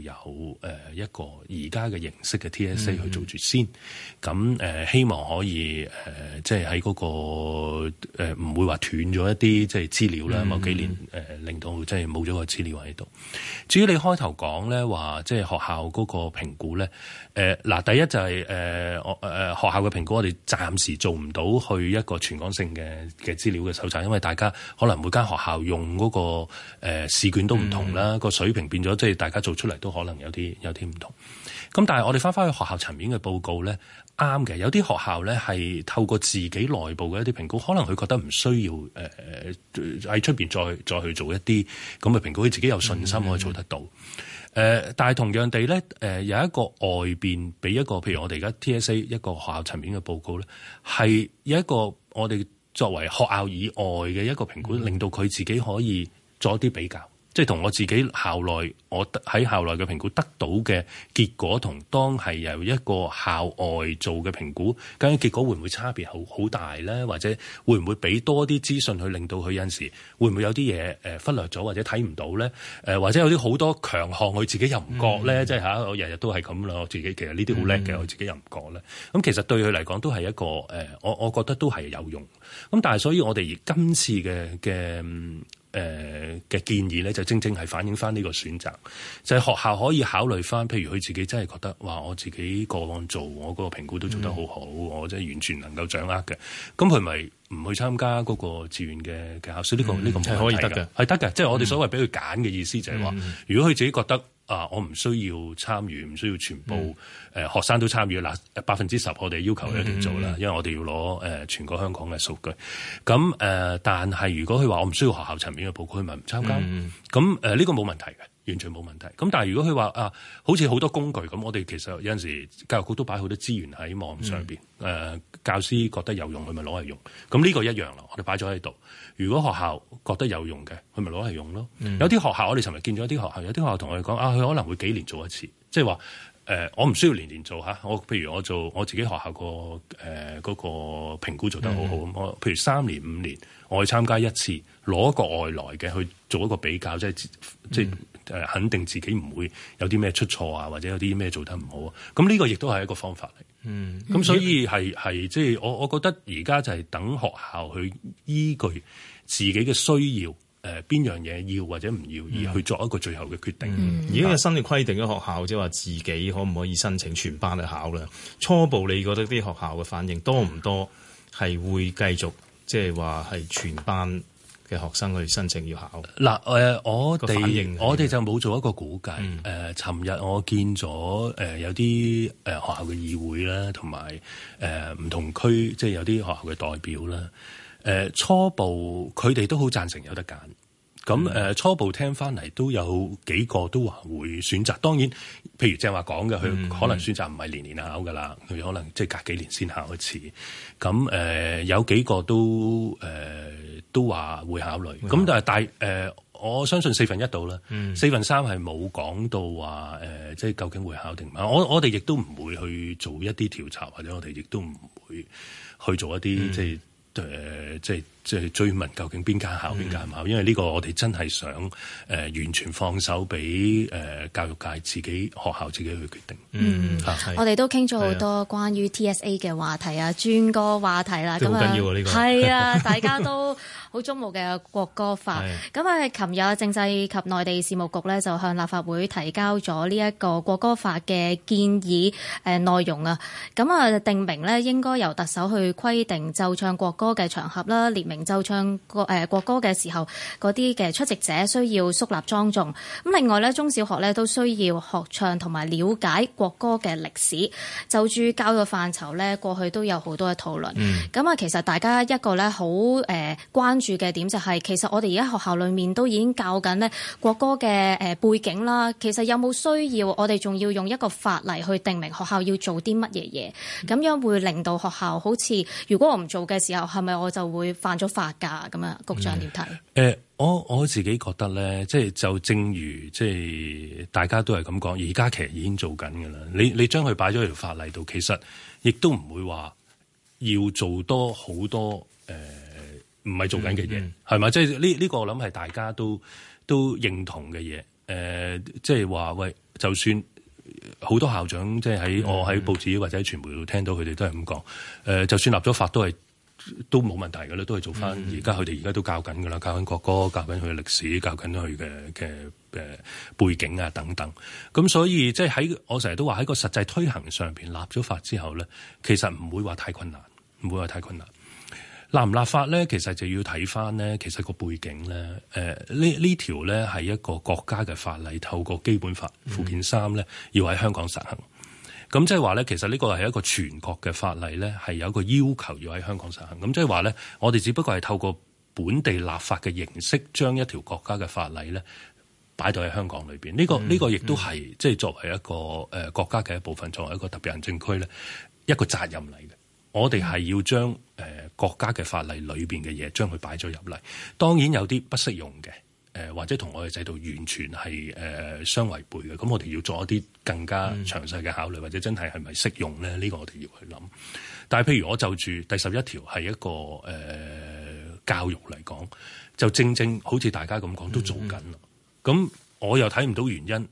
[SPEAKER 6] 有誒一個而家嘅形式嘅 TSA 去做住先。咁、嗯呃、希望可以誒，即係喺嗰個唔、呃、會話斷咗一啲即係資料啦、嗯。某幾年誒、呃、令到即係冇咗個資料喺度。至於你開頭講咧話，即係學校嗰個評估咧，誒、呃、嗱，第一就係誒誒學校嘅評估，我哋暫時做唔到去一個全港性嘅嘅資料嘅蒐集，因為大家可能每間學校用嗰、那個。誒，試卷都唔同啦，個、嗯、水平變咗，即、就、係、是、大家做出嚟都可能有啲有啲唔同。咁但係我哋返返去學校層面嘅報告咧，啱嘅。有啲學校咧係透過自己內部嘅一啲評估，可能佢覺得唔需要誒誒，喺出邊再再去做一啲咁嘅評估，佢自己有信心可以做得到。誒、嗯呃，但係同樣地咧，誒有一個外邊俾一個，譬如我哋而家 TSA 一個學校層面嘅報告咧，係有一個我哋作為學校以外嘅一個評估、嗯，令到佢自己可以。做一啲比較，即係同我自己校內我喺校內嘅評估得到嘅結果，同當係由一個校外做嘅評估，究竟結果會唔會差別好好大咧？或者會唔會俾多啲資訊去令到佢有陣時會唔會有啲嘢誒忽略咗，或者睇唔到咧？誒或者有啲好多強項佢自己又唔覺咧、嗯，即係我日日都係咁啦。我自己其實呢啲好叻嘅，我自己又唔覺咧。咁其實對佢嚟講都係一個誒，我我覺得都係有用。咁但係所以我哋而今次嘅嘅。誒、呃、嘅建議咧，就正正係反映翻呢個選擇，就係、是、學校可以考慮翻，譬如佢自己真係覺得話，我自己過往做我嗰個評估都做得好好、嗯，我真係完全能夠掌握嘅，咁佢咪唔去參加嗰個志願嘅嘅考試？呢、這個呢、嗯，這個唔係可以得嘅，係得嘅，即係、就是、我哋所謂俾佢揀嘅意思、就是，就係話，如果佢自己覺得。啊！我唔需要參與，唔需要全部誒學生都參與嗱，百分之十我哋要求一定做啦，因為我哋要攞誒全個香港嘅數據。咁誒，但係如果佢話我唔需要學校層面嘅報告，佢咪唔參加。咁誒，呢個冇問題嘅。完全冇問題。咁但係如果佢話啊，好似好多工具咁，我哋其實有陣時教育局都擺好多資源喺網上面，誒、嗯呃，教師覺得有用，佢咪攞嚟用。咁呢個一樣咯，我哋擺咗喺度。如果學校覺得有用嘅，佢咪攞嚟用咯。嗯、有啲學校我哋尋日見咗啲學校，有啲學校同我哋講啊，佢可能會幾年做一次，即係話誒，我唔需要年年做吓、啊，我譬如我做我自己學校個誒嗰個評估做得好好咁，我譬如三年五年我去參加一次，攞一個外來嘅去做一個比較，即係即係、嗯誒肯定自己唔會有啲咩出錯啊，或者有啲咩做得唔好啊，咁呢個亦都係一個方法嚟。嗯，
[SPEAKER 2] 咁所以
[SPEAKER 6] 係係即係我我覺得而家就係等學校去依據自己嘅需要，誒、呃、邊樣嘢要或者唔要，而、嗯、去作一個最後嘅決定。而家個
[SPEAKER 2] 新嘅規定，嘅學校即係話自己可唔可以申請全班去考呢？初步你覺得啲學校嘅反應多唔多？係、嗯、會繼續即係話係全班？嘅學生去申請要考
[SPEAKER 6] 嗱、呃，我哋我哋就冇做一個估計。誒、嗯，呃、尋日我見咗誒、呃、有啲誒、呃、學校嘅議會啦，同埋誒唔同區，即係有啲學校嘅代表啦。誒、呃，初步佢哋都好贊成有得揀。咁、嗯、誒、呃、初步聽翻嚟都有幾個都話會選擇，當然譬如正話講嘅，佢可能選擇唔係年年考噶啦，佢、嗯嗯、可能即係隔幾年先考一次。咁誒、呃、有幾個都誒、呃、都話會考慮，咁但係大、呃、我相信四分一度啦、嗯，四分三係冇講到話、呃、即係究竟會考定唔考？我我哋亦都唔會去做一啲調查，或者我哋亦都唔會去做一啲、嗯、即係誒、呃、即係即、就、係、是、追問究竟邊間考邊間唔考？因為呢個我哋真係想誒、呃、完全放手俾誒、呃、教育界，自己學校自己去決定。嗯，啊、我哋都傾咗好多
[SPEAKER 4] 關於 TSA 嘅話題啊，轉個話題啦。咁啊，係啊、這個，大家都好矚目嘅國歌法。咁 啊，琴日政制及內地事務局咧就向立法會提交咗呢一個國歌法嘅建議誒內、呃、容啊。咁啊，定明咧應該由特首去規定奏唱國歌嘅場合啦，就唱國誒國歌嘅時候，嗰啲嘅出席者需要肅立莊重。咁另外咧，中小學咧都需要學唱同埋了解國歌嘅歷史。就住教育範疇咧，過去都有好多嘅討論。咁、嗯、啊，其實大家一個咧好誒關注嘅點就係、是、其實我哋而家學校裏面都已經教緊咧國歌嘅誒背景啦。其實有冇需要我哋仲要用一個法例去定明學校要做啲乜嘢嘢？咁樣會令到學校好似，如果我唔做嘅時候，係咪我就會犯？咗法噶
[SPEAKER 6] 咁啊，局長點睇？誒，我我自己覺得咧，即係就正如即係大家都係咁講，而家其實已經做緊噶啦。你你將佢擺咗條法例度，其實亦都唔會話要做多好多誒，唔係做緊嘅嘢，係咪？即係呢呢個我諗係大家都都認同嘅嘢。誒，即係話喂，就算好多校長即係喺我喺報紙或者傳媒度聽到佢哋都係咁講。誒，就算立咗法都係。都冇問題噶啦，都係做翻。而家佢哋而家都在教緊噶啦，教緊國歌，教緊佢嘅歷史，教緊佢嘅嘅誒背景啊、等等。咁所以即係喺我成日都話喺個實際推行上邊立咗法之後咧，其實唔會話太困難，唔會話太困難。立唔立法咧，其實就要睇翻咧，其實個背景咧，誒、呃、呢呢條咧係一個國家嘅法例，透過基本法附件三咧，要喺香港實行。咁即係話咧，其實呢個係一個全國嘅法例咧，係有一個要求要喺香港實行。咁即係話咧，我哋只不過係透過本地立法嘅形式，將一條國家嘅法例咧擺到喺香港裏邊。呢個呢個亦都係即係作為一個誒國家嘅一部分，作為一個特別行政區咧一個責任嚟嘅。我哋係要將誒、呃、國家嘅法例裏邊嘅嘢，將佢擺咗入嚟。當然有啲不適用嘅。誒或者同我嘅制度完全係誒、呃、相違背嘅，咁我哋要做一啲更加詳細嘅考慮，嗯，或者真係係咪適用咧？呢、這個我哋要去諗。但係，譬如我就住第十一條係一個誒、呃、教育嚟講，就正正好似大家咁講都做緊啦。咁、嗯嗯、我又睇唔到原因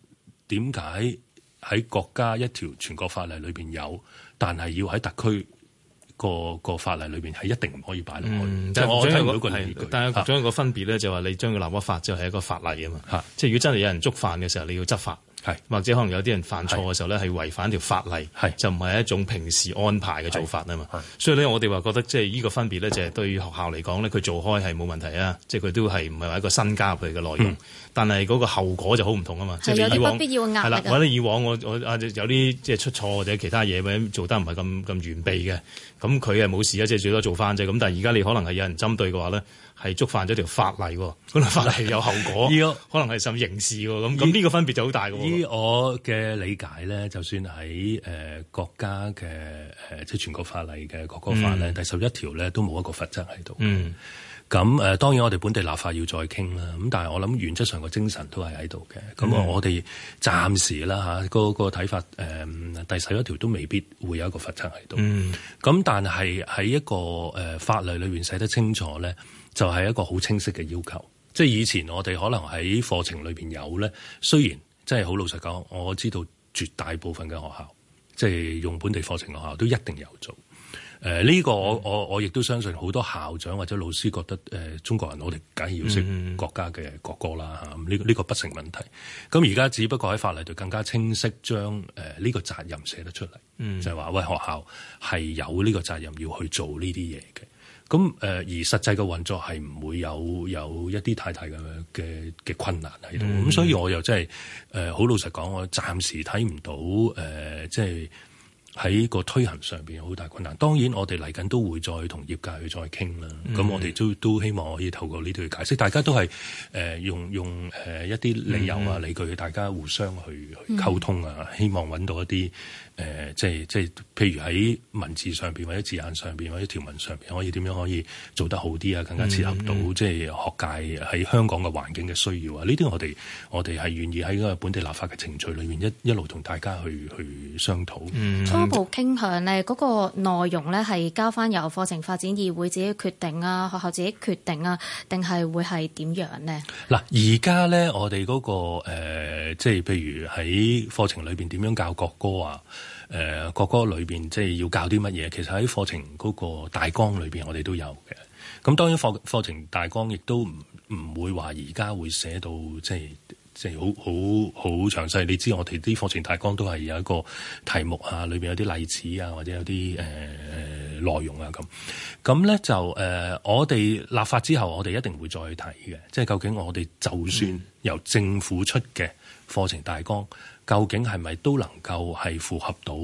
[SPEAKER 6] 點解喺國家一條全國法例裏邊有，但係要喺特區。個、那個法例裏邊係一定唔可以擺落去、嗯。但係我睇到個理據，但有
[SPEAKER 2] 個分別咧，就話你將佢立咗法就係一個法例啊嘛，嚇，即係如果真係有人觸犯嘅時候，你要執法。係，或者可能有啲人犯錯嘅時候咧，係違反條法例，係就唔係一種平時安排嘅做法啊嘛。所以咧，我哋話覺得即係呢個分別咧，就係對於學校嚟講咧，佢做開係冇問題啊。即係佢都係唔係話一個新加入嚟嘅內容，嗯、但係嗰個後果就好唔同啊嘛。即係、就係、以往，係啦，我覺得以往我我有啲即係出錯或者其他嘢咁，做得唔係咁咁完備嘅，咁佢係冇事啊，即係最多做翻啫。咁但係而家你可能係有人針對嘅話咧。係觸
[SPEAKER 6] 犯咗條法例，可能法例有後果， 可能係甚至刑事咁。咁呢個分別就好大喎。依我嘅理解咧，就算喺誒、呃、國家嘅誒即全國法例嘅《國歌法》咧，第十一條咧都冇一個罰則喺度。嗯。咁誒、嗯呃、當然我哋本地立法要再傾啦。咁但係我諗原則上個精神都係喺度嘅。咁、嗯那個、我我哋暫時啦嚇，啊那個、那個睇法誒、呃、第十一條都未必會有一個罰則喺度。咁、嗯、但係喺一個、呃、法例裏面寫得清楚咧。就係一個好清晰嘅要求，即係以前我哋可能喺課程裏面有咧，雖然真係好老實講，我知道絕大部分嘅學校即係用本地課程嘅學校都一定有做。誒呢個我我我亦都相信好多校長或者老師覺得誒中國人我哋梗係要識國家嘅國歌啦吓，咁，呢，呢個不成問題。咁而家只不過喺法例度更加清晰，將誒呢個責任寫得出嚟，mm-hmm. 就係話喂，學校係有呢個責任要去做呢啲嘢嘅。咁誒而實際嘅運作係唔會有有一啲太大嘅嘅嘅困難喺度，咁、嗯、所以我又真係誒好老實講，我暫時睇唔到誒即係喺個推行上面有好大困難，當然我哋嚟緊都會再同業界去再傾啦。咁、mm-hmm. 我哋都都希望可以透過呢啲去解釋，大家都係誒、呃、用用誒、呃、一啲理由啊、mm-hmm. 理據，大家互相去，去溝通啊，希望揾到一啲誒、呃、即係即係譬如喺文字上面或者字眼上面或者條文上面，可以點樣可以做得好啲啊，更加切合到、mm-hmm. 即係學界喺香港嘅環境嘅需要啊。呢啲我哋我哋係願意喺個本地立法嘅程序裏面一一路同大家去去商討。Mm-hmm. 部
[SPEAKER 4] 傾向咧，嗰個內容咧係交翻由課程發展議會自己決定啊，學校自己決定啊，定係會係點樣呢？
[SPEAKER 6] 嗱，而家咧，我哋嗰個、呃、即係譬如喺課程裏邊點樣教國歌啊，誒、呃、國歌裏邊即係要教啲乜嘢？其實喺課程嗰個大綱裏邊，我哋都有嘅。咁當然課課程大綱亦都唔唔會話而家會寫到即係。即係好好好詳細，你知我哋啲課程大綱都係有一個題目啊，裏面有啲例子啊，或者有啲誒、呃、內容啊咁。咁咧就誒、呃，我哋立法之後，我哋一定會再去睇嘅。即、就、係、是、究竟我哋就算由政府出嘅課程大綱、嗯，究竟係咪都能夠係符合到即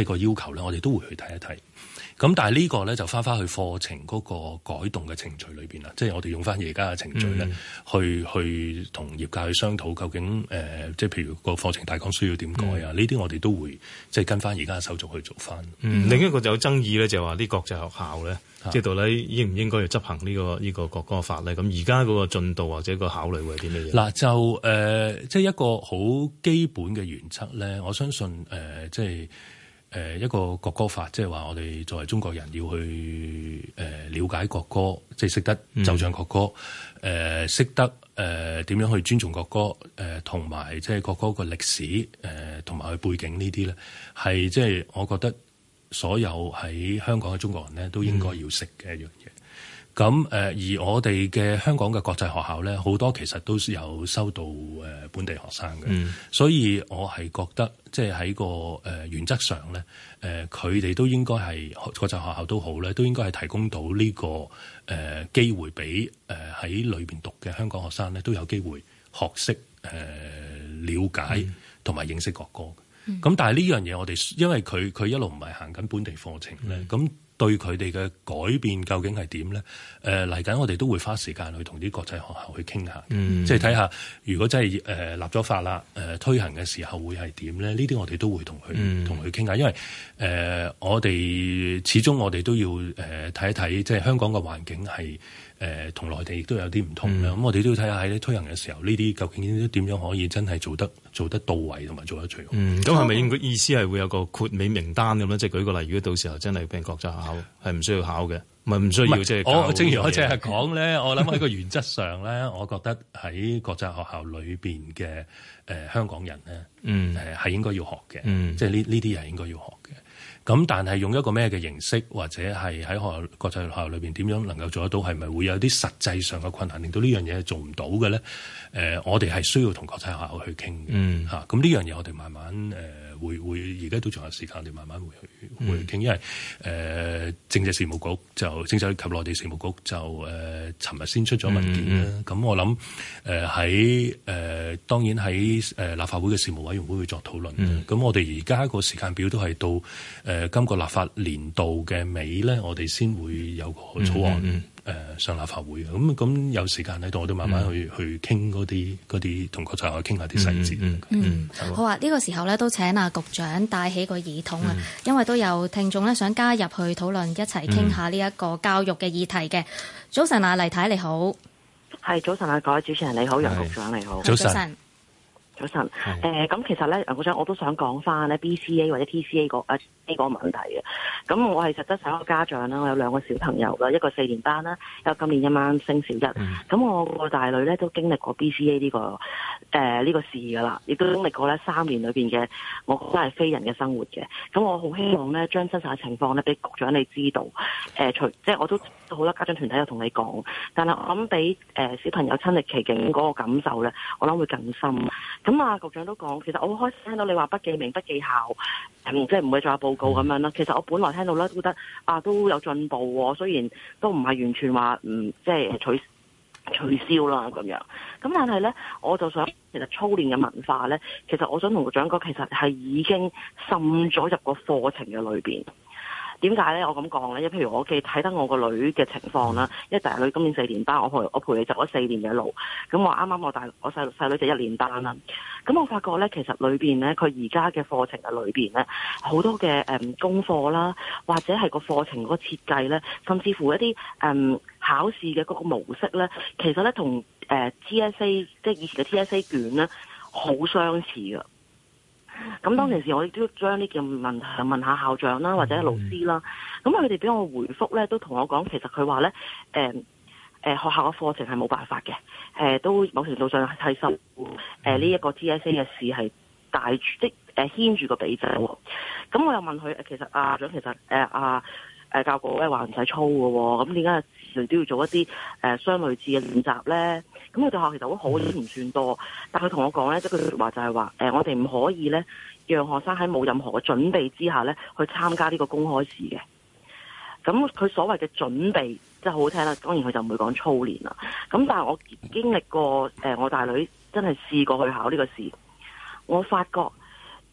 [SPEAKER 6] 係、就是、個要求咧？我哋都會去睇一睇。咁但係呢個咧就翻返去課程嗰個改動嘅程序裏面啦，即、就、係、是、我哋用翻而家嘅程序咧、嗯，去去同業界去商討究竟誒，即、呃、係譬如個課程大綱需要點改啊？呢、嗯、啲我哋都會即係跟翻而家嘅手續去做翻、嗯。嗯，另一個
[SPEAKER 2] 就有爭議咧，就係話啲國際學校咧，即係、啊、到底應唔應該要執行呢個呢個國歌法咧？咁而
[SPEAKER 6] 家嗰個進度或者個考慮會係啲咩嘢？嗱、啊，就誒，即、呃、係、就是、一個好基本嘅原則咧，我相信誒，即、呃、係。就是誒一個國歌法，即係話我哋作為中國人要去誒了解國歌，即係識得奏唱國歌，誒、嗯、識得誒點樣去尊重國歌，誒同埋即係國歌個歷史，誒同埋佢背景呢啲咧，係即係我覺得所有喺香港嘅中國人咧，都應該要識嘅一樣嘢。咁誒，而我哋嘅香港嘅國際學校咧，好多其實都有收到誒本地學生嘅、嗯，所以我係覺得，即係喺個誒原則上咧，誒佢哋都應該係國際學校都好咧，都應該係提供到呢、這個誒、呃、機會俾誒喺裏面讀嘅香港學生咧，都有機會學識誒、呃、了解同埋、嗯、認識國歌嘅。咁但係呢樣嘢，我哋因為佢佢一路唔係行緊本地課程咧，咁、嗯。對佢哋嘅改變究竟係點咧？誒嚟緊我哋都會花時間去同啲國際學校去傾下，嗯、即係睇下如果真係誒、呃、立咗法啦，誒、呃、推行嘅時候會係點咧？呢啲我哋都會同佢同佢傾下，因為誒、呃、我哋始終我哋都要誒睇一睇，即係香港嘅環境係。呃、同內地亦都有啲唔同嘅咁、嗯、我哋都要睇下喺推行嘅時候，呢啲究竟點樣可以真係做得做得到位同埋做得最好？咁係咪應該意思係會有個豁免名單咁咧？即、就、係、是、舉個例，如果到時候
[SPEAKER 2] 真係畀國際學校，係唔需要考嘅，咪、嗯、唔需要即係。我正如我即係
[SPEAKER 6] 講咧，我諗喺個原則上咧， 我覺得喺國際學校裏面嘅、呃、香港人咧，嗯係、呃、應該要學嘅、嗯，即係呢呢啲係應該要學。咁但係用一個咩嘅形式，或者係喺學校國際學校裏面點樣能夠做得到，係咪會有啲實際上嘅困難，令到呢樣嘢做唔到嘅咧？誒、呃，我哋係需要同國際學校去傾嘅吓。咁呢樣嘢我哋慢慢誒。呃會會而家都仲有時間，你慢慢會去會聽，因為、呃、政制事務局就政制及內地事務局就誒，尋日先出咗文件咁、嗯嗯、我諗誒喺當然喺、呃、立法會嘅事務委員會會,會作討論。咁、嗯、我哋而家個時間表都係到誒、呃、今個立法年度嘅尾咧，我哋先會有個草案。嗯嗯嗯誒、呃、上立法會咁咁，嗯、有時間喺度，我都慢慢去、嗯、去傾嗰啲嗰啲同國際去傾下啲細節。嗯，嗯好啊！
[SPEAKER 4] 呢、呢個時候呢，都請阿局長帶起個耳筒啊，因為都有聽眾呢想加入去討論，一齊傾下呢一個教育嘅議題嘅、嗯。早晨啊，黎太你好。
[SPEAKER 5] 係，早晨啊，各位主持人你好，楊局長你好，早晨。早晨，咁、呃、其實咧，楊局長我都想講翻咧 BCA 或者 TSA 個誒呢個問題嘅。咁我係實質上一個家長啦，我有兩個小朋友啦，一個四年班啦，一個今年一晚升小一。咁、嗯、我個大女咧都經歷過 BCA 呢、這個誒呢、呃這個事㗎啦，亦都經歷過咧三年裏面嘅，我覺得係非人嘅生活嘅。咁我好希望咧將真實嘅情況咧俾局長你知道。呃、即係我都好多家長團體有同你講，但係我諗俾、呃、小朋友親歷其境嗰個感受咧，我諗會更深。咁啊，局長都講，其實我開始聽到你話不記名、不記校，即係唔會再有報告咁樣啦。其實我本來聽到都覺得啊都有進步喎，哦，雖然都唔係完全話唔即係取取消啦咁樣。咁但係呢，我就想其實操練嘅文化呢，其實我想同局長講，其實係已經滲咗入個課程嘅裏面。點解咧？我咁講咧，因譬如我記睇得我個女嘅情況啦，因為大女今年四年班，我陪我陪佢走咗四年嘅路，咁我啱啱我大我細細女就一年班啦，咁我發覺咧，其實裏邊咧，佢而家嘅課程嘅裏邊咧，好多嘅誒、嗯、功課啦，或者係個課程嗰個設計咧，甚至乎一啲誒、嗯、考試嘅嗰個模式咧，其實咧同誒 TSA 即係以前嘅 TSA 卷咧，好相似噶。咁、嗯、當其時我，我亦都將呢件問題問下校長啦，或者老師啦。咁佢哋俾我回覆咧，都同我講，其實佢話咧，誒、呃、誒、呃，學校嘅課程係冇辦法嘅，誒、呃，都某程度上係受誒呢一個 TSA 嘅事係帶住即係誒牽住個鼻子。咁我又問佢，其實阿、啊、長，其實誒阿。呃啊誒教過咧話唔使操嘅喎，咁點解時時都要做一啲誒相類似嘅練習咧？咁佢哋學其實好可唔算多。但係佢同我講咧，即係句話就係話誒，我哋唔可以咧，讓學生喺冇任何嘅準備之下咧，去參加呢個公開試嘅。咁佢所謂嘅準備即係、就是、好聽啦，當然佢就唔會講操練啦。咁但係我經歷過誒、呃，我大女真係試過去考呢個試，我發覺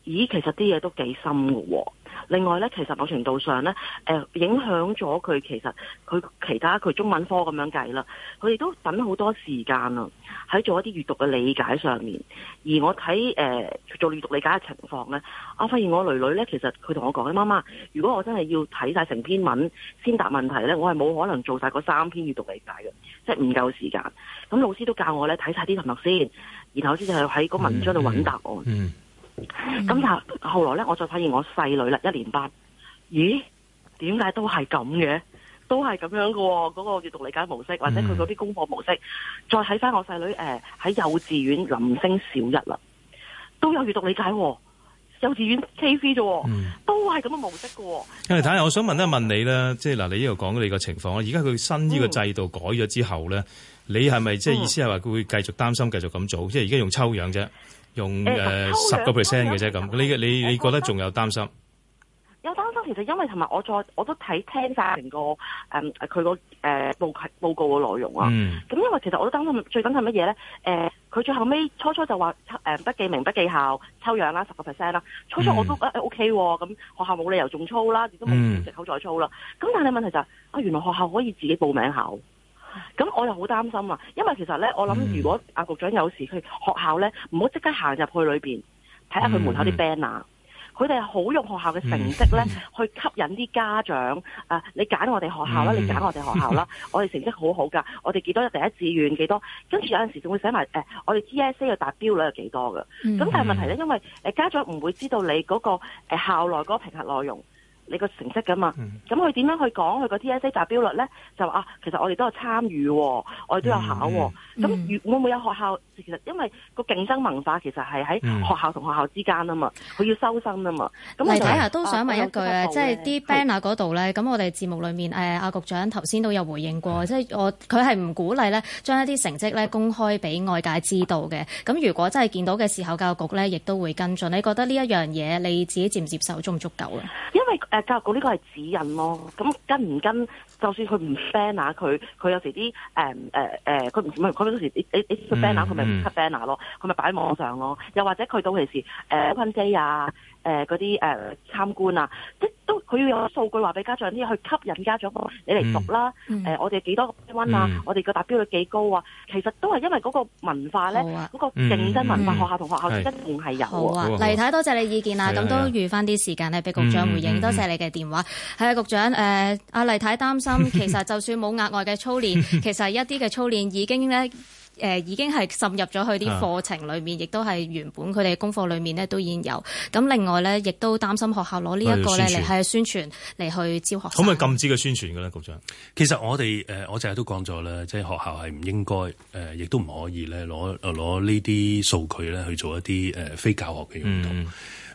[SPEAKER 5] 咦，其實啲嘢都幾深嘅喎。另外咧，其實某程度上咧、呃，影響咗佢其實佢其他佢中文科咁樣計啦，佢哋都等咗好多時間喇，喺做一啲閱讀嘅理解上面。而我睇誒、呃、做閱讀理解嘅情況咧，我、啊、發現我女女咧，其實佢同我講咧，媽媽，如果我真係要睇晒成篇文先答問題咧，我係冇可能做晒嗰三篇閱讀理解嘅，即係唔夠時間。咁老師都教我咧，睇晒啲題目先，然後先至喺個文章度揾答案。嗯嗯嗯。咁、嗯、但後來咧，我再發現我細女啦，一年班，咦？點解都係咁嘅？都係咁樣喎、哦。嗰、那個閱讀理解模式，或者佢嗰啲功課模式，嗯、再睇翻我細女誒喺、呃、幼稚園臨升小一啦，都有閱讀理解、哦，幼稚園 K C 啫，都係咁嘅模式噶、哦。
[SPEAKER 2] 因為睇下，我想問一問你咧，即係嗱，你呢度講你個情況啦。而家佢新呢個制度改咗之後咧、嗯，你係咪即係意思係話佢會繼續擔心，繼續咁做？嗯、即係而家用抽樣啫。用誒十個 percent 嘅啫，咁，你嘅你你覺得仲有擔心？
[SPEAKER 5] 有擔心。其實因為尋日我再我都睇聽晒成個誒佢個誒報報告嘅內容啊。咁、嗯、因為其實我都擔心最緊係乜嘢咧？誒、呃，佢最後尾初初就話誒、呃、不記名不記校抽樣啦，十個 percent 啦。初初我都 O K 咁，學校冇理由仲操啦，亦都冇借口再操啦。咁、嗯、但係問題就係、是、啊，原來學校可以自己報名考。咁我又好擔心啊，因為其實咧，我諗如果阿局長有時去、嗯、學校咧唔好即刻行入去裏邊，睇下佢門口啲 banner，佢哋係好用學校嘅成績咧去吸引啲家長、嗯、啊！你揀我哋學校啦，嗯、你揀我哋學校啦、嗯，我哋成績好好噶，我哋幾多第一志願幾多，跟住有陣時仲會寫埋誒，我哋 TSA 嘅達標率係幾多噶？咁、嗯、但係問題咧，因為誒家長唔會知道你嗰個誒校內嗰個評核內容。你個成績㗎嘛？咁佢點樣去講佢個 T.S.A. 達標率咧？就話啊，其實我哋都有參與，我哋都有考。咁會唔會有學校？其實因為個競爭文化其實係喺學校同學校之間啊嘛，佢要收心啊嘛。咁我哋都想問一句啊，即係啲 banner 嗰
[SPEAKER 4] 度咧。咁我哋節目裡面誒阿局長頭先都有回應過，即係我佢係唔鼓勵咧將一啲成績咧公開俾外界知道嘅。咁如果真係見到嘅時候，教育局咧亦都會跟進。你覺得呢一樣嘢你自己接唔接受，足唔足夠啊？
[SPEAKER 5] 因為誒。教育局呢個係指引咯，咁跟唔跟？就算佢唔 banner 啊，佢佢有時啲誒誒誒，佢唔咪佢有時啲啲 banner 佢，mm-hmm. 佢咪唔 cut banner 咯，佢咪擺喺網上咯。又或者佢到期時誒 open day 啊。呃 mm-hmm. 誒、呃，嗰啲誒參觀啊，即都佢要有數據話俾家長知，去吸引家長。嗯、你嚟讀啦。誒、嗯呃，我哋幾多個溫啊，嗯、我哋個達標率幾高啊，其實都係因為嗰個文化咧，嗰、啊嗰個競爭文化學學、啊嗯，學校同學校之間一定係有。
[SPEAKER 4] 黎、啊啊啊啊、太多謝你意見啦，咁都預翻啲時間咧俾局長回應，嗯、多謝你嘅電話。係啊，局長，誒、呃，阿黎太擔心，其實就算冇額外嘅操練， 其實一啲嘅操練已經咧。誒、呃、已經係滲入咗去啲課程裏面，亦都係原本佢哋功課裏面咧都已經有。咁另外呢，亦都擔心學校攞呢一個咧嚟係宣傳嚟去，去招學生。可唔可以
[SPEAKER 6] 禁止佢宣傳嘅咧，局長？其實我哋誒我成日都講咗啦，即係學校係唔應該誒，亦都唔可以咧攞攞呢啲數據咧去做一啲誒非教學嘅用途。誒、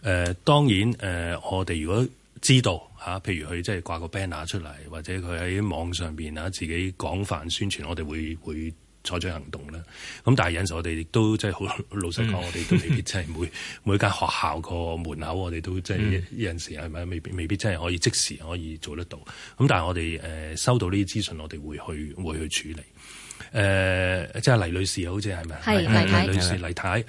[SPEAKER 6] 嗯、當然誒，我哋如果知道吓，譬如佢即係掛個 banner 出嚟，或者佢喺網上邊啊自己廣泛宣傳，我哋會會會採取行動啦，咁但係有陣時我哋都即係好老實講，我哋都未必真係每、嗯、 每間學校個門口，我哋都即係有陣時係咪未必未必真係可以即時可以做得到。咁但係我哋、呃、收到呢啲資訊，我哋會去會去處理。呃、即係黎女士好，好似係咪？係黎女士，黎太。誒，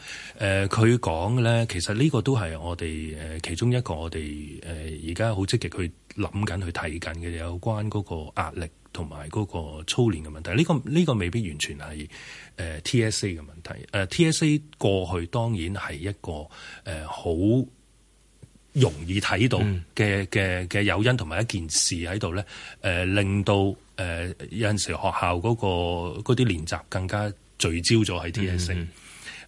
[SPEAKER 6] 佢講咧，其實呢個都係我哋、呃、其中一個我哋而家好積極去諗緊去睇緊嘅有關嗰個壓力。同埋嗰個操練嘅問題，呢、這個呢、這個未必完全係誒、呃、TSA 嘅問題。誒、呃、TSA 過去當然係一個誒好、呃、容易睇到嘅嘅嘅誘因同埋一件事喺度咧。誒、呃、令到誒、呃、有陣時候學校嗰、那個嗰啲練習更加聚焦咗喺 TSA。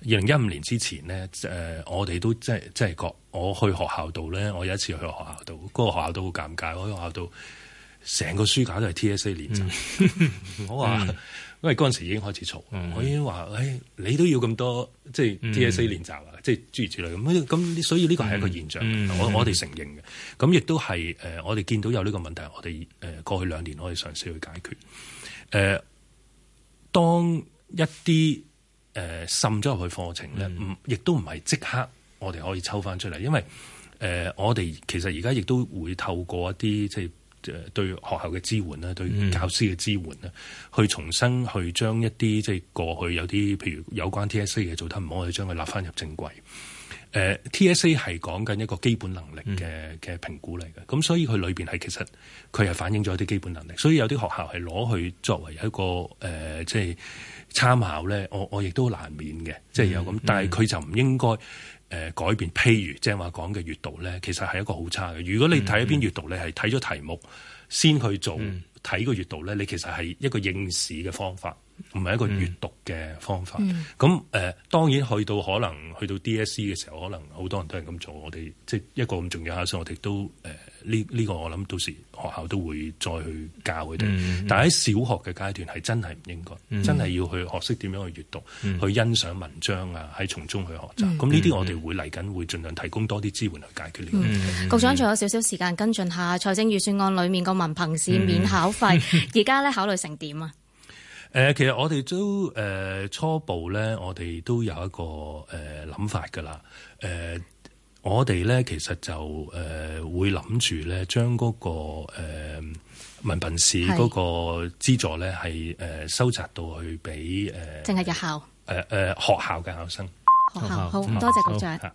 [SPEAKER 6] 二零一五年之前咧，誒、呃、我哋都即係即係講，覺我去學校度咧，我有一次去學校度，嗰、那個學校都好尷尬，我喺學校度。成個書架都係 T.S.A. 練習，嗯、我話、嗯，因為嗰陣時已經開始嘈、嗯，我已經話，誒，你都要咁多，即係 T.S.A. 練習啊、嗯，即係諸如此類咁。咁，所以呢個係一個現象，嗯、我我哋承認嘅。咁、嗯、亦、嗯、都係誒、呃，我哋見到有呢個問題，我哋誒、呃、過去兩年可以嘗試去解決。誒、呃，當一啲誒、呃、滲咗入去課程咧，亦都唔係即刻我哋可以抽翻出嚟，因為誒、呃、我哋其實而家亦都會透過一啲即係。誒對學校嘅支援啦，對教師嘅支援啦、嗯，去重新去將一啲即係過去有啲，譬如有關 TSA 嘅做得唔好，去將佢納翻入正軌。誒、呃、TSA 係講緊一個基本能力嘅嘅評估嚟嘅，咁、嗯、所以佢裏面係其實佢係反映咗一啲基本能力，所以有啲學校係攞去作為一個誒、呃、即係參考咧。我我亦都難免嘅，即係有咁、嗯，但係佢就唔應該。誒、呃、改變，譬如正話講嘅閱讀咧，其實係一個好差嘅。如果你睇一篇閱讀你係睇咗題目先去做睇個、嗯、閱讀咧，你其實係一個應試嘅方法，唔係一個閱讀嘅方法。咁、嗯、誒、嗯呃，當然去到可能去到 DSE 嘅時候，可能好多人都係咁做。我哋即一個咁重要考試，所以我哋都誒。呃呢、這、呢個我諗到時學校都會再去教佢哋，嗯嗯，但係喺小學嘅階段係真係唔應該，嗯、真係要去學識點樣去閱讀，嗯，去欣賞文章啊，喺從中去學習。咁呢啲我哋會嚟緊會盡量提供多啲支援去解決呢個、嗯嗯嗯。局長，仲
[SPEAKER 4] 有少少時間跟進下財政預算案裏面個文憑試免考費，而家咧考慮成點啊？誒、
[SPEAKER 6] 呃，其實我哋都誒、呃、初步咧，我哋都有一個誒諗、呃、法噶啦，誒、呃。我哋咧，其實就誒、呃、會諗住咧，將嗰個文憑試嗰個資助咧，係、呃、誒收集到去俾誒，淨係日校、呃呃、學校嘅考生。學
[SPEAKER 4] 校好、嗯、好，好，多謝局長。